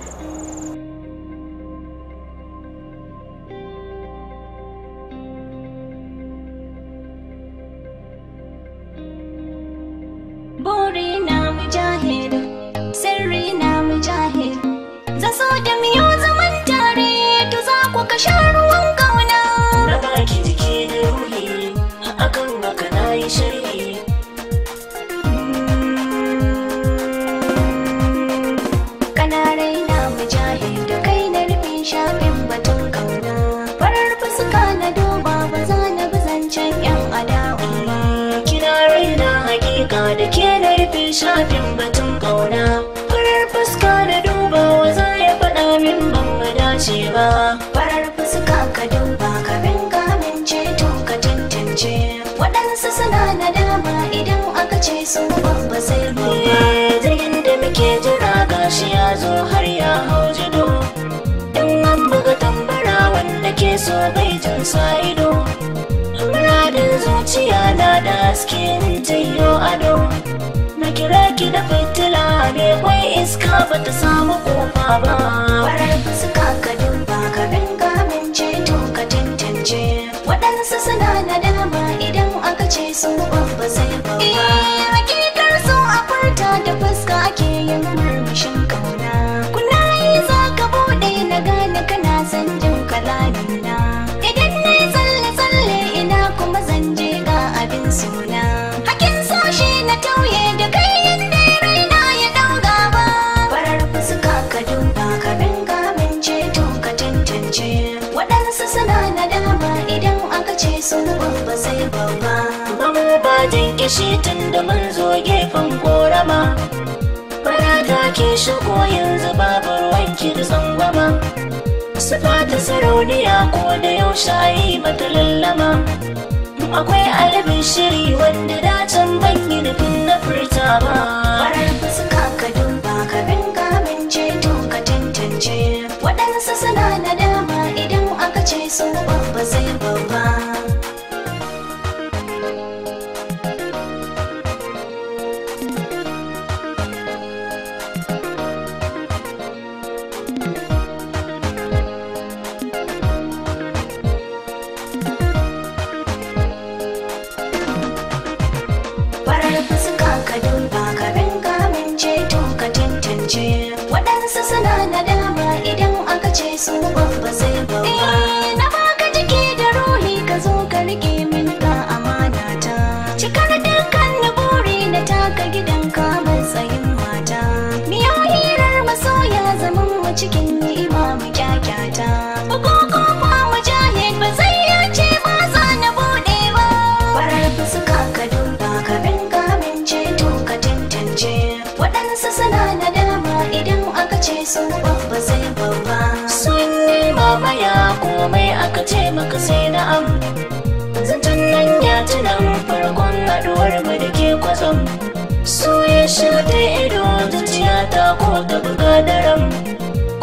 Madhura change makasai sai na am. zancen nan ya tunan farkon haɗuwar mu da ke kwatsam so ya shata ido zuciya ta ko ta buga daram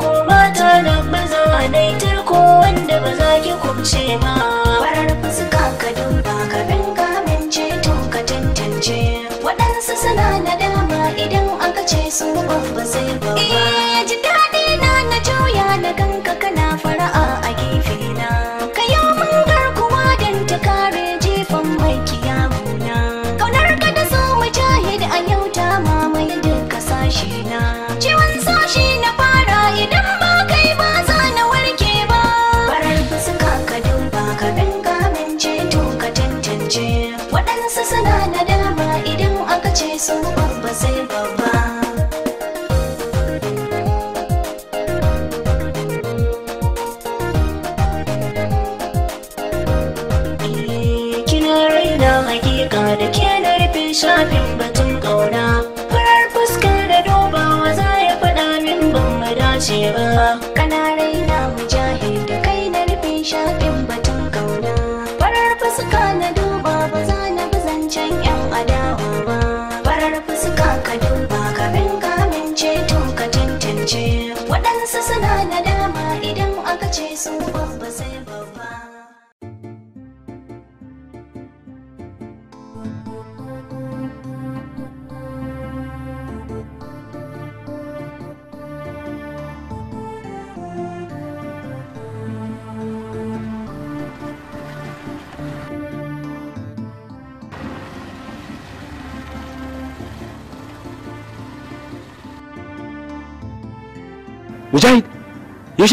ko mata na maza a naitar ko wanda ba za ki kumce ba farar fuska ka duba ka bin kamin ceto ka tantance waɗansu suna na dama idan aka ce sun ba sai ba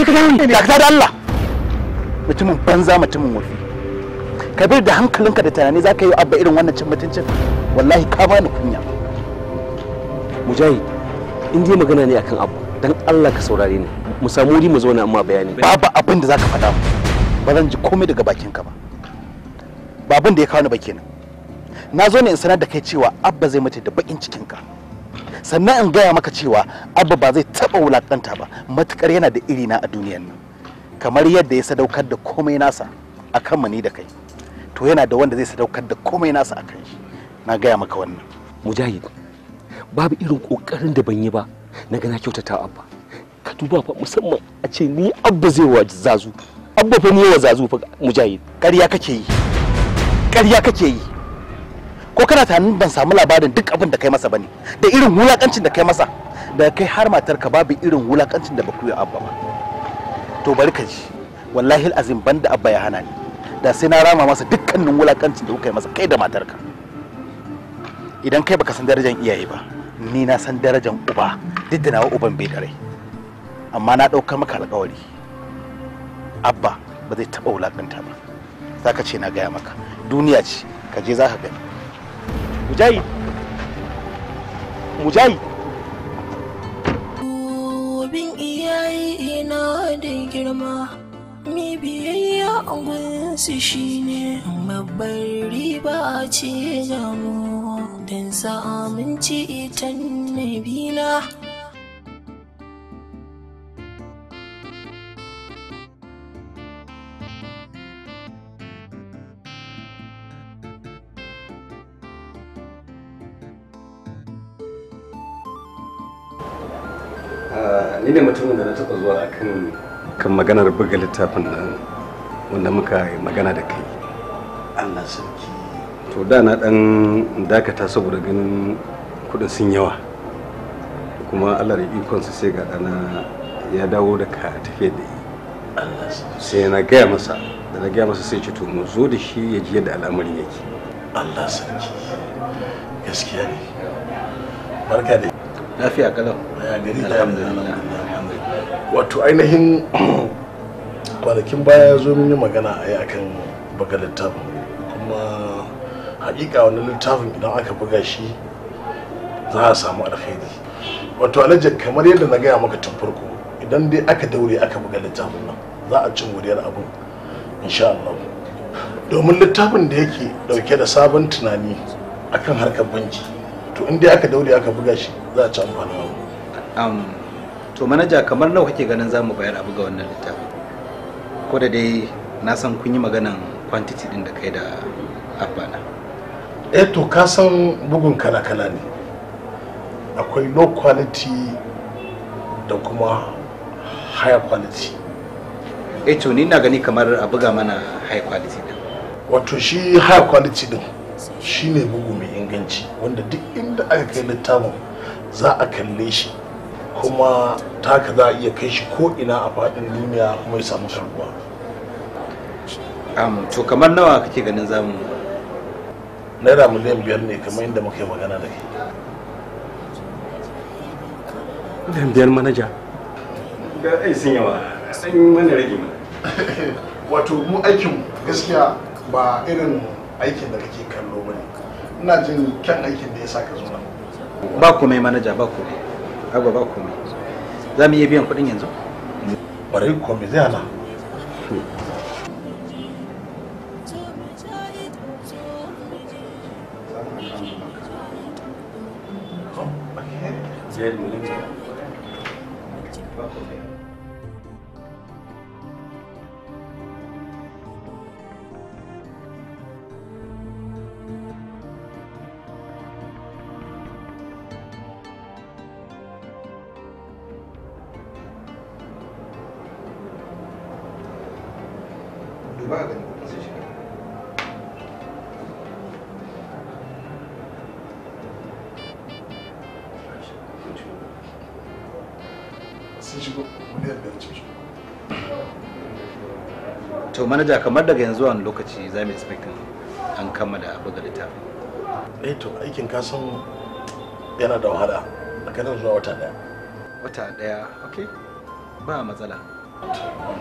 shi ka ne dakata da Allah mutumin banza mutumin wafi kabir da hankalinka da tunani za ka yi abba irin wannan cin mutuncin wallahi ka bani kunya mujahid in dai magana ne akan abu dan Allah ka saurare ni mu samu wuri mu zauna amma bayani babu abin da zaka faɗa ba zan ji komai daga bakinka ba ba da ya kawo ni ba kenan na zo ne in sanar da kai cewa abba zai mutu da bakin cikinka sannan in gaya maka cewa abba ba zai taba wulakanta ba matukar yana da iri na a duniyan nan kamar yadda ya sadaukar da komai nasa akan mu ni da kai to yana da wanda zai sadaukar da komai nasa akan shi na gaya maka wannan mujahid babu irin kokarin da ban yi ba na gana kyautata abba ka duba fa musamman a ce ni abba zai wa zazu abba fa ni wa zazu fa mujahid ƙarya kake yi ƙarya kake yi ko kana tunanin ban samu labarin duk abin da kai masa bane da irin wulakancin da kai masa da kai har matarka ka babu irin wulakancin da baku yi abba ba to bari ka ji wallahi azim da abba ya hana ni da sai na rama masa dukkanin wulakancin da kuka masa kai da matarka. idan kai baka san darajar iyaye ba ni na san darajar uba duk da nawa uban bai dare amma na ɗaukar maka alƙawari abba ba zai taɓa wulakanta ba za ka ce na gaya maka duniya ce ka je za ka gani mujahid mujahid
bin iyaye ina da girma mi biyayya a gunsu shine babbar riba ce gamu don sa aminci ita nabila
ni ne mutumin da na taɓa zuwa akan kan maganar buga littafin nan wanda muka yi magana da kai Allah sarki to da na dan dakata saboda ganin kudin sun yawa kuma Allah da ikon su sai ga dana ya dawo da ka tafiya da yi sai na gaya masa da na gaya masa sai ce to mu zo da shi ya ji yadda al'amarin
yake Allah sarki gaskiya ne barka da lafiya kalau wato ainihin kwanakin baya zo zo yi magana a akan buga littafin kuma hakika wani littafin idan aka buga shi za a samu alheri wato alhaji kamar yadda na gaya maka tun farko idan dai aka daure aka buga littafin nan za a cin wuriyar abin insha Allah domin littafin da yake dauke da sabon tunani akan harkar banki to in dai aka daure aka buga shi za ci amfani um, to manaja kamar nawa kake ganin za mu bayar abu ga wannan
littafin ko da dai na san kun yi maganan quantity din da kai da
abana eh to ka san bugun kala kala ne akwai low quality da kuma high quality
eh to ni na gani kamar a buga mana high quality din
wato shi high quality din shine bugu mai inganci wanda duk inda aka kai littafin za a kalle shi kuma taka za a iya kai shi ko ina a faɗin duniya kuma ya samu karbuwa um, to kamar nawa kake ganin zamu naira miliyan biyar ne kamar yadda muka yi magana da ke
dan biyar manaja
ga ai sun yawa sun
mana rage mana
wato mu aikin gaskiya ba irin aikin da kake kallo bane ina jin kyan aikin da ya sa ka zo ba ku
mai manaja ba komai agba ba ku mai za mu iya biyan kuɗin yanzu ko mai zai ana Yeah, manaja kamar daga yanzu wani lokaci za mu expecting an
kammala buga littafi eh to aikin kasan yana da wahala a nan zuwa wata daya wata daya okay ba matsala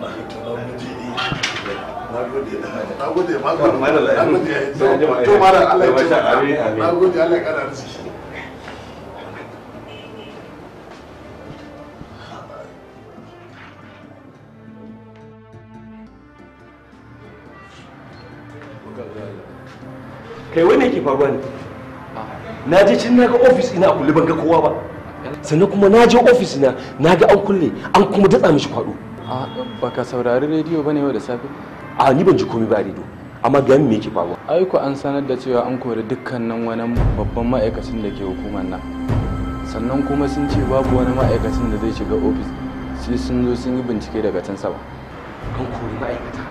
na gode na gode
yake faruwa ne na je cin na ga ofis ina a kulle ban ga kowa ba sannan kuma na je ofis na na ga an kulle an kuma datsa mishi kwado ba ka saurari rediyo ba ne da safe a ni ban ji komai ba rediyo amma ga me yake faruwa ai ku an sanar da cewa an kori dukkanin wani babban ma'aikacin da ke hukumar nan sannan kuma sun ce babu wani ma'aikacin da zai shiga ofis sai sun zo sun yi bincike daga can sama an kori ma'aikata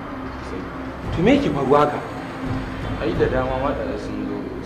to me yake faruwa ka ai da dama
waɗanda sun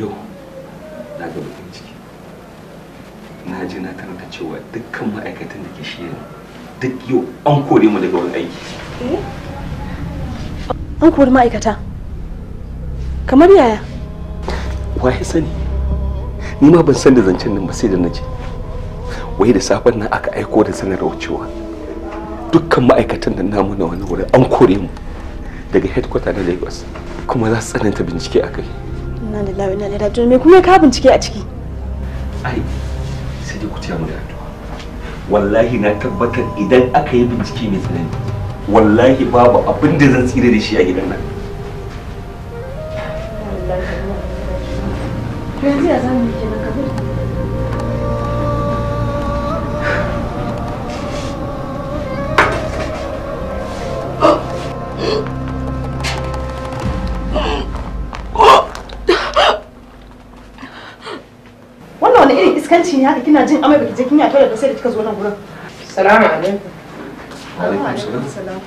yau na ga bakin ciki na ji na karanta cewa dukkan ma'aikatan da ke shiya duk yau an kore mu daga wani aiki
eh?
an kori ma'aikata kamar yaya
wa ya sani ni ma ban san da zancen nan ba sai da naje wai da safen nan aka aiko da sanarwa cewa dukkan ma'aikatan da namu na wani wurin an kore mu daga headquarter na lagos kuma za su tsananta bincike a kai
inna lillahi inna ilaihi raji'un me kuma ka bincike a ciki
ai
sai dai ku mu
da
wallahi na tabbatar idan aka yi bincike mai tsanani wallahi babu abin da zan tsira da shi a gidan nan
yanzu ya kenan kabir cikin haka kina jin amai baki je kin yato da sai da kika zo nan gurin
salamu alaikum
alaikum salam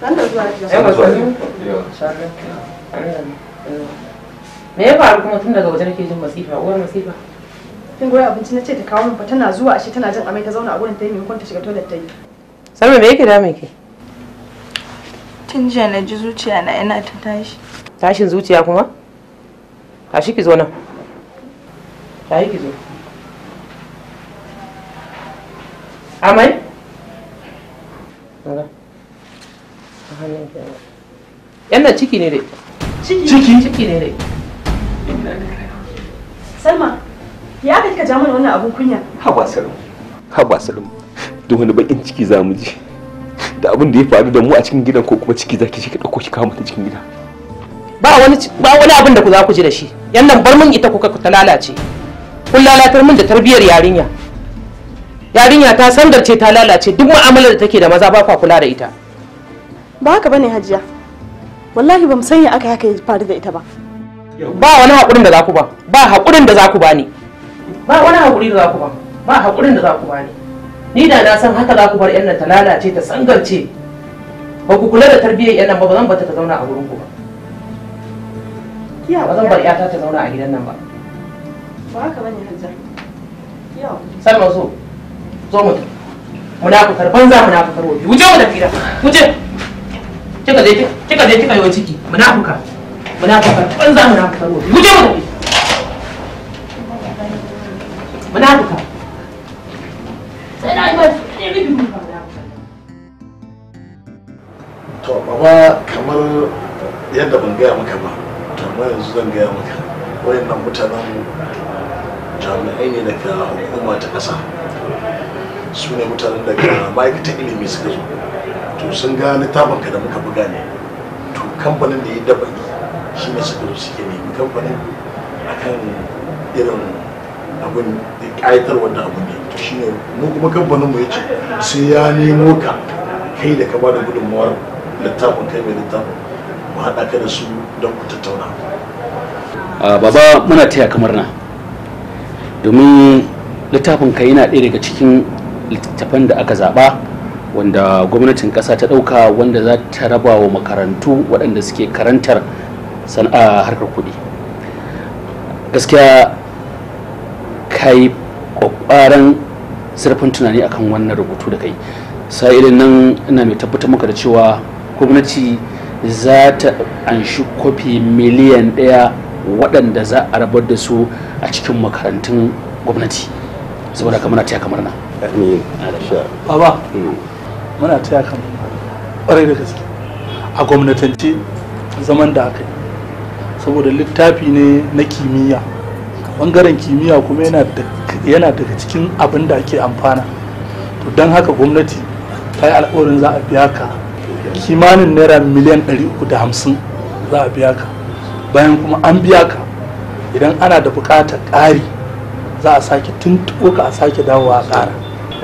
dan da zuwa zuwa
me ya faru kuma tun daga waje nake jin masifa uwar masifa
kin goyi abinci na ce ta kawo min fa tana zuwa ashe tana jin amai ta zauna a gurin ta yi shiga toilet ta yi
salma me yake dame ki
tun jiya na ji zuciya na yana ta tashi
tashin zuciya kuma tashi ki zo nan tashi ki zo amai yana ciki ne dai ciki ciki ne dai
salma ya ka kika ja mana wannan abun kunya
haba salma haba salma don wani bakin ciki za mu ji da abin da ya faru da mu a cikin gidan ko kuma ciki zaki ki dauko shi kawo mata cikin gida ba wani ba wani abin da ku za ku ji da shi
yan nan bar min ita kuka ku ta lalace kun lalatar min da tarbiyar yarinya yarinya ta sandarce ta lalace duk mu'amalar da take da maza ba kwa kula da ita
ba haka bane hajiya wallahi ba mu sanya aka haka ya faru da ita ba
ba wani hakurin da za ku ba ba hakurin da za ku bani ba wani hakuri da zaku ba ba hakurin da zaku bani ni da na san haka za ku bar yan nan ta lalace ta sangarce ba ku kula da tarbiyyar yan nan ba ba zan bata ta zauna a wurin ku ba ba zan bar yata ta zauna a gidan nan ba
ba haka bane hajiya
salma so zo mu munafukar banza munafukar wofi wuce mu fira wuce kika je kika je kika yi ciki munafuka muna banza munafukar wofi wuce mu tafi munafuka
sai na yi ba sai rubi mu
to baba kamar yadda ban gaya maka ba amma yanzu zan gaya maka wayannan mutanen jami'ai ne daga hukuma ta ƙasa su ne mutanen daga ma'aikatan ilimi suka zo to sun ga littafin ka da muka buga ne to kamfanin da ya daba shi ne suka zo suke ne kamfanin akan irin abin ƙayatar wanda abu ne to shi ne mu kuma kamfanin mu ya ce sai ya nemo ka kai da ka da gudunmawar littafin kai mai littafin mu haɗa ka da su don ku tattauna.
baba muna taya kamar na domin littafin ka yana ɗaya daga cikin littattafan da aka zaɓa wanda gwamnatin ƙasa ta ɗauka wanda za ta raba wa makarantu waɗanda suke karantar sana'a harkar kuɗi gaskiya ka yi ƙwaƙwaran zurfin tunani akan wannan rubutu da kai sa'ilin nan ina mai tabbatar maka da cewa gwamnati za ta anshi kwafi miliyan ɗaya waɗanda za a rabar da su a cikin makarantun gwamnati saboda kamar ta kamar nan. amin
baba hmm. muna taya kan da gaske a gwamnatance zaman da aka yi saboda littafi ne na kimiyya bangaren kimiyya kuma yana daga cikin abin da ake amfana to don haka gwamnati ta yi alkawarin za a biya ka kimanin naira miliyan 350 za a biya ka bayan kuma an biya ka
idan ana da bukatar ƙari za a sake tuntuɓo ka a sake dawowa a ƙara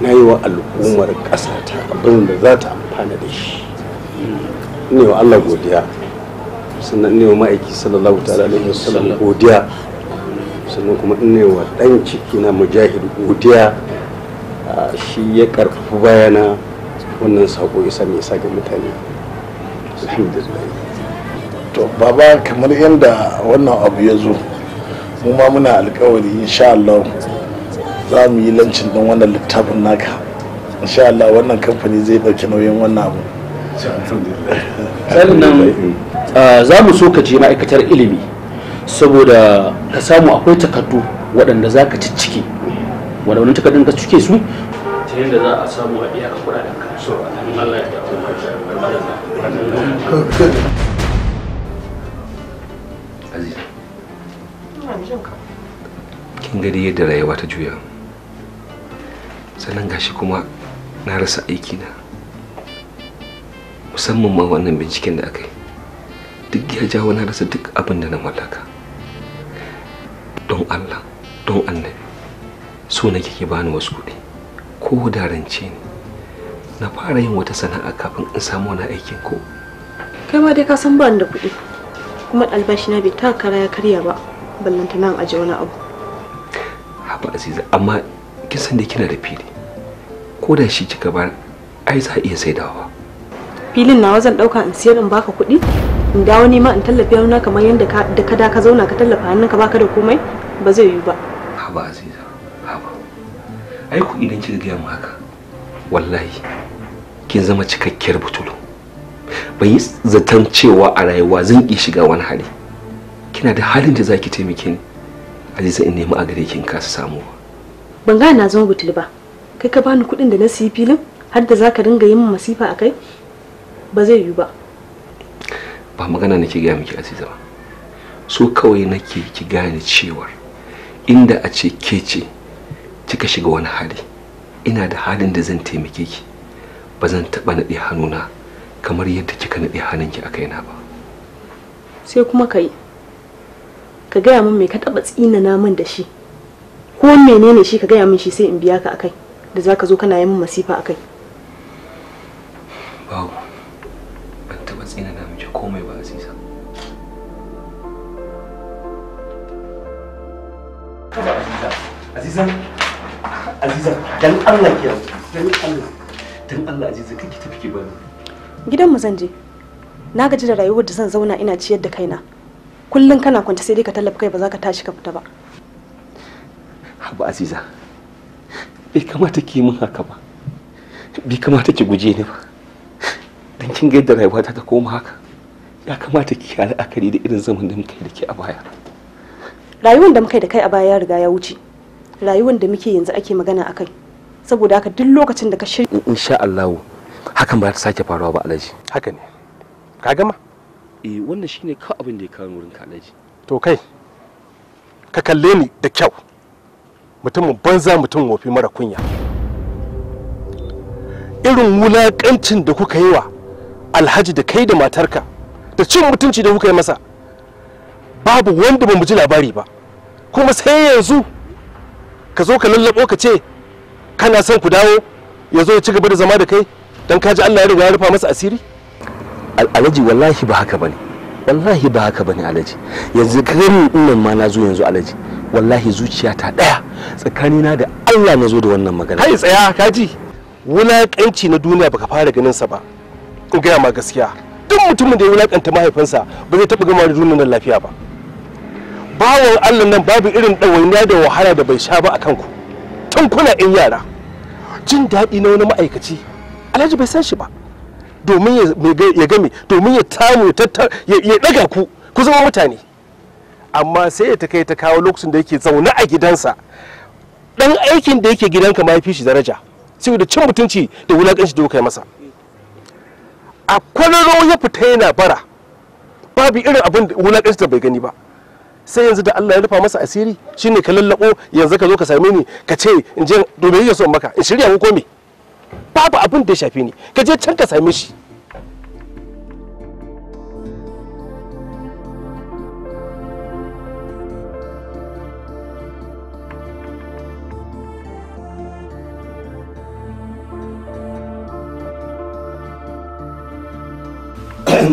na yi wa al'ummar ƙasa ta abin da za ta amfana da shi ne wa Allah godiya sannan ne wa ma'aiki sallallahu ta'ala alaihi wasallam godiya sannan kuma ne wa ɗan ciki na mujahid godiya shi ya karfafi bayana
wannan sako isa mai isa ga mutane to baba kamar yadda wannan abu ya zo mu ma muna alkawari insha Allah za mu yi lancin don wannan littafin naka insha Allah wannan kamfani zai ɗauki nauyin wannan abu sannan za mu so ka je ma'aikatar ilimi saboda ka samu akwai takardu waɗanda
za ka ciccike wanda wani takardun ka cike su
ta yadda za a samu a iyaka kuɗaɗen ka so Allah ya
Aziz.
Kin gari yadda rayuwa ta juya. sannan gashi kuma na rasa aiki na musamman ma wannan binciken da aka yi duk ya jawo na rasa duk abin da na mallaka don allah don annabi so nake bani wasu kuɗi ko da rance ne na fara yin wata sana'a kafin in samu wani aikin ko
kai ma dai ka san ba da kuɗi kuma albashi na bai takara ya karya ba ballanta nan aje wani abu
haba aziza amma kin san da kina da fili ko da shi kika bar ai za iya saidawa
filin nawa zan dauka in siyar in baka kuɗi in dawo ma in tallafe hannuna kamar yadda da ka da ka zauna ka tallafa hannunka baka da komai ba zai yiwu ba
haba aziza haba ai ku idan kika gaya mu haka wallahi kin zama cikakkiyar butulu ban yi zaton cewa a rayuwa zan ki shiga wani hali kina da halin da zaki taimake ni aziza in nemi a gare kin kasa samu ba
ban gane na zama butul ba kai ka bani kuɗin da na siyi filin har da zaka dinga yin masifa a kai ba zai yiwu ba
ba magana nake gaya miki aziza ba so kawai nake ki gane cewar inda a ce ke ce kika shiga wani hali ina da halin da zan taimake ki ba zan taɓa naɗe hannuna kamar yadda kika naɗe hannunki a kaina ba
sai kuma kai ka gaya min me ka taɓa tsina min da shi ko menene shi ka gaya min shi sai in biya ka akai da zaka zo kana yi min masifa akai
babu ban taɓa tsina na miki komai ba aziza aziza aziza dan Allah ke dan Allah dan Allah aziza kake tafi ki bani
gidan mu zan je na gaji da rayuwar da zan zauna ina ciyar da kaina kullum kana kwance sai dai ka tallafa kai ba za ka tashi ka fita ba
abu aziza bai kamata ki min haka ba bai kamata ki guje ni ba don kin ga yadda rayuwata ta koma haka ya kamata ki yi la'akari da irin zaman da muka yi da ke a baya
rayuwar da muka yi da kai a baya ya riga ya wuce rayuwar da muke yanzu ake magana a kai saboda haka duk lokacin da ka shirya
insha Allah hakan ba ta sake faruwa ba alaji haka ne ka gama eh wannan shine ka abin da ya kawo wurin ka alaji to kai ka kalle ni da kyau mutumin banza mutum wofi mara kunya irin wulaƙancin da kuka yi wa alhaji da kai da matarka da cin mutunci da kuka yi masa babu wanda bamu ji labari ba kuma sai yanzu ka zo ka lallabo ka ce kana son ku dawo ya zo ya ci gaba da zama da kai don kaji allah ya riga ya rufa masa asiri alhaji wallahi ba haka bane wallahi ba haka bane alaji yanzu garin nan ma na zo yanzu alaji wallahi zuciya ta daya tsakanina da Allah na zo da wannan magana kai tsaya kaji Wulaƙanci na duniya baka fara ganin sa ba in gaya ma gaskiya duk mutumin da ya wulakanta mahaifinsa ba zai taɓa gama da duniyar nan lafiya ba bawan Allah nan babu irin ɗawainiya da wahala da bai sha ba a kanku tun kuna in yara jin daɗi na wani ma'aikaci alhaji bai san shi ba domin ya game domin ya tamu ya daga ku ku zama mutane amma sai ya ta kai ta kawo lokacin da yake zaune a gidansa dan aikin da yake gidanka ma fi shi daraja sai da cin mutunci da wulakanci da kai masa a kwararo ya fita yana bara babu irin abin da wulakanci da bai gani ba sai yanzu da Allah ya rufa masa asiri shine ka lallabo yanzu ka zo ka same ni ka ce in je domin ya so maka in shirya ko me babu abin da ya shafe ni ka je can ka same shi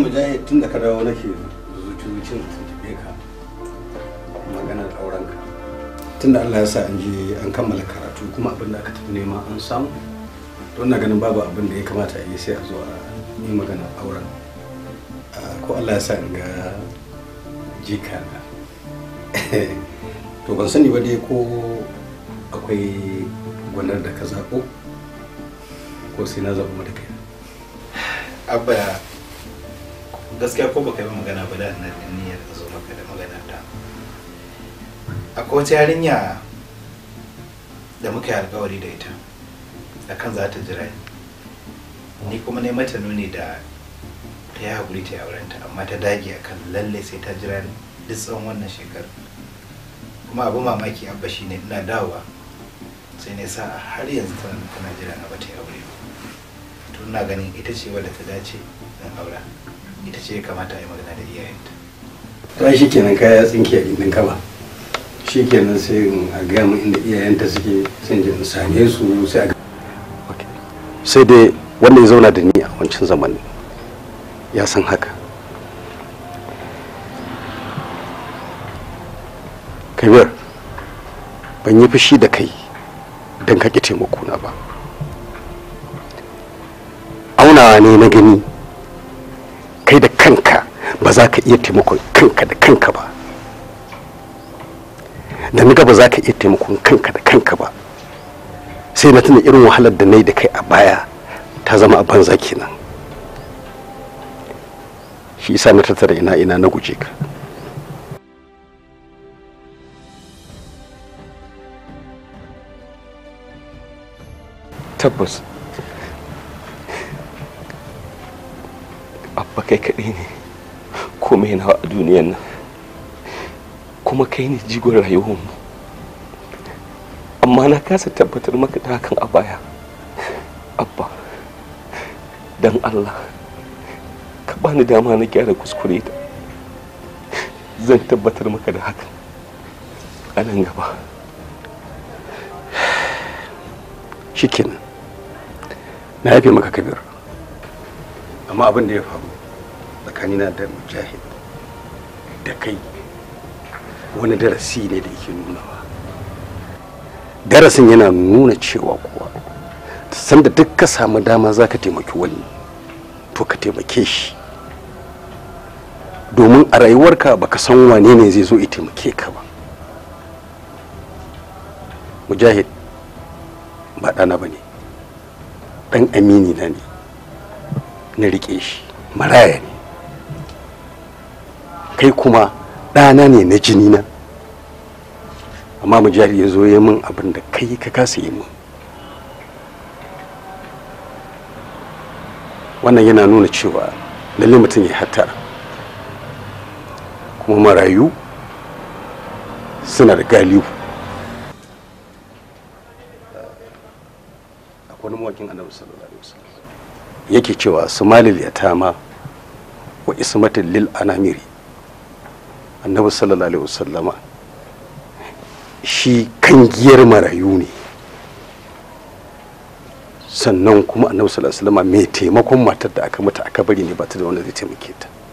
mujahid tun da ka dawo nake zuciyocin tuntube ka maganar aurenka tun da allah ya sa an je an kammala karatu kuma abin da aka tafi nema an samu don na ganin babu abin da ya kamata a yi sai a zo a yi magana auren ko allah ya sa in ga jika na to ban sani ba dai ko akwai gwanar da ka zaɓo ko sai na zaɓo da kai abba gaskiya ko baka yi magana ba da na da niyyar da zo maka da magana ta akwai wata yarinya da muka yi alkawari da ita kan za ta jira ni kuma ne mata nuni da ta yi haƙuri ta aurenta amma ta dage a kan lalle sai ta jira duk tsawon wannan shekaru kuma abu mamaki abba shi ne ina dawowa sai ne sa har yanzu tana tana jira na bata aure to ina ganin ita ce wadda ta dace dan aura ita ce kamata a yi magana da iyayenta ta shi kenan kaya tsinke a gindin kaba shi kenan sai a gaya mu inda iyayenta suke sun je same su sai a sai dai wanda ya zauna da ni a wancan zamani ya san haka kabir ban yi fushi da kai don ka taimako ba aunawa ne na gani kai da kanka ba za ka iya taimakon kanka da kanka ba da naga ba za ka iya taimakon kanka da kanka ba sai na tuna irin wahalar da na yi da kai a baya ta zama a banza kenan shi isa na tattara ina ina na guje ka tabbas abba kai kaɗai ne komai na a duniyan nan kuma kai ne jigon rayuwar amma na kasa tabbatar maka da hakan a baya abba don allah ka bani dama na gyara kuskure ta zan tabbatar maka da hakan a nan gaba cikin na yafe maka kabir amma abin da ya faru tsakanina da mujahid da kai wani darasi ne da yake nunawa darasin yana nuna cewa kuwa sanda duk ka samu dama za ka taimaki wani to ka taimake shi domin a rayuwarka ba ka san wane ne zai zo ya taimake ka ba mujahid ba ɗana ba ne ɗan amini na ne na riƙe shi maraya ne kai kuma ɗana ne na jini na amma mujahid ya zo ya min abin da kai ka kasa yi min wannan yana nuna cewa lalle mutum ya hata kuma marayu suna da galibu wani mawakin annabi sallallahu alaihi wasallam yake cewa sumalil yatama wa ismatil lil anamiri annabi sallallahu alaihi wasallama shi kan giyar marayu ne sannan kuma annabi sallallahu alaihi wasallam mai taimakon matar da aka mata aka bari ne ba ta da wanda zai taimake ta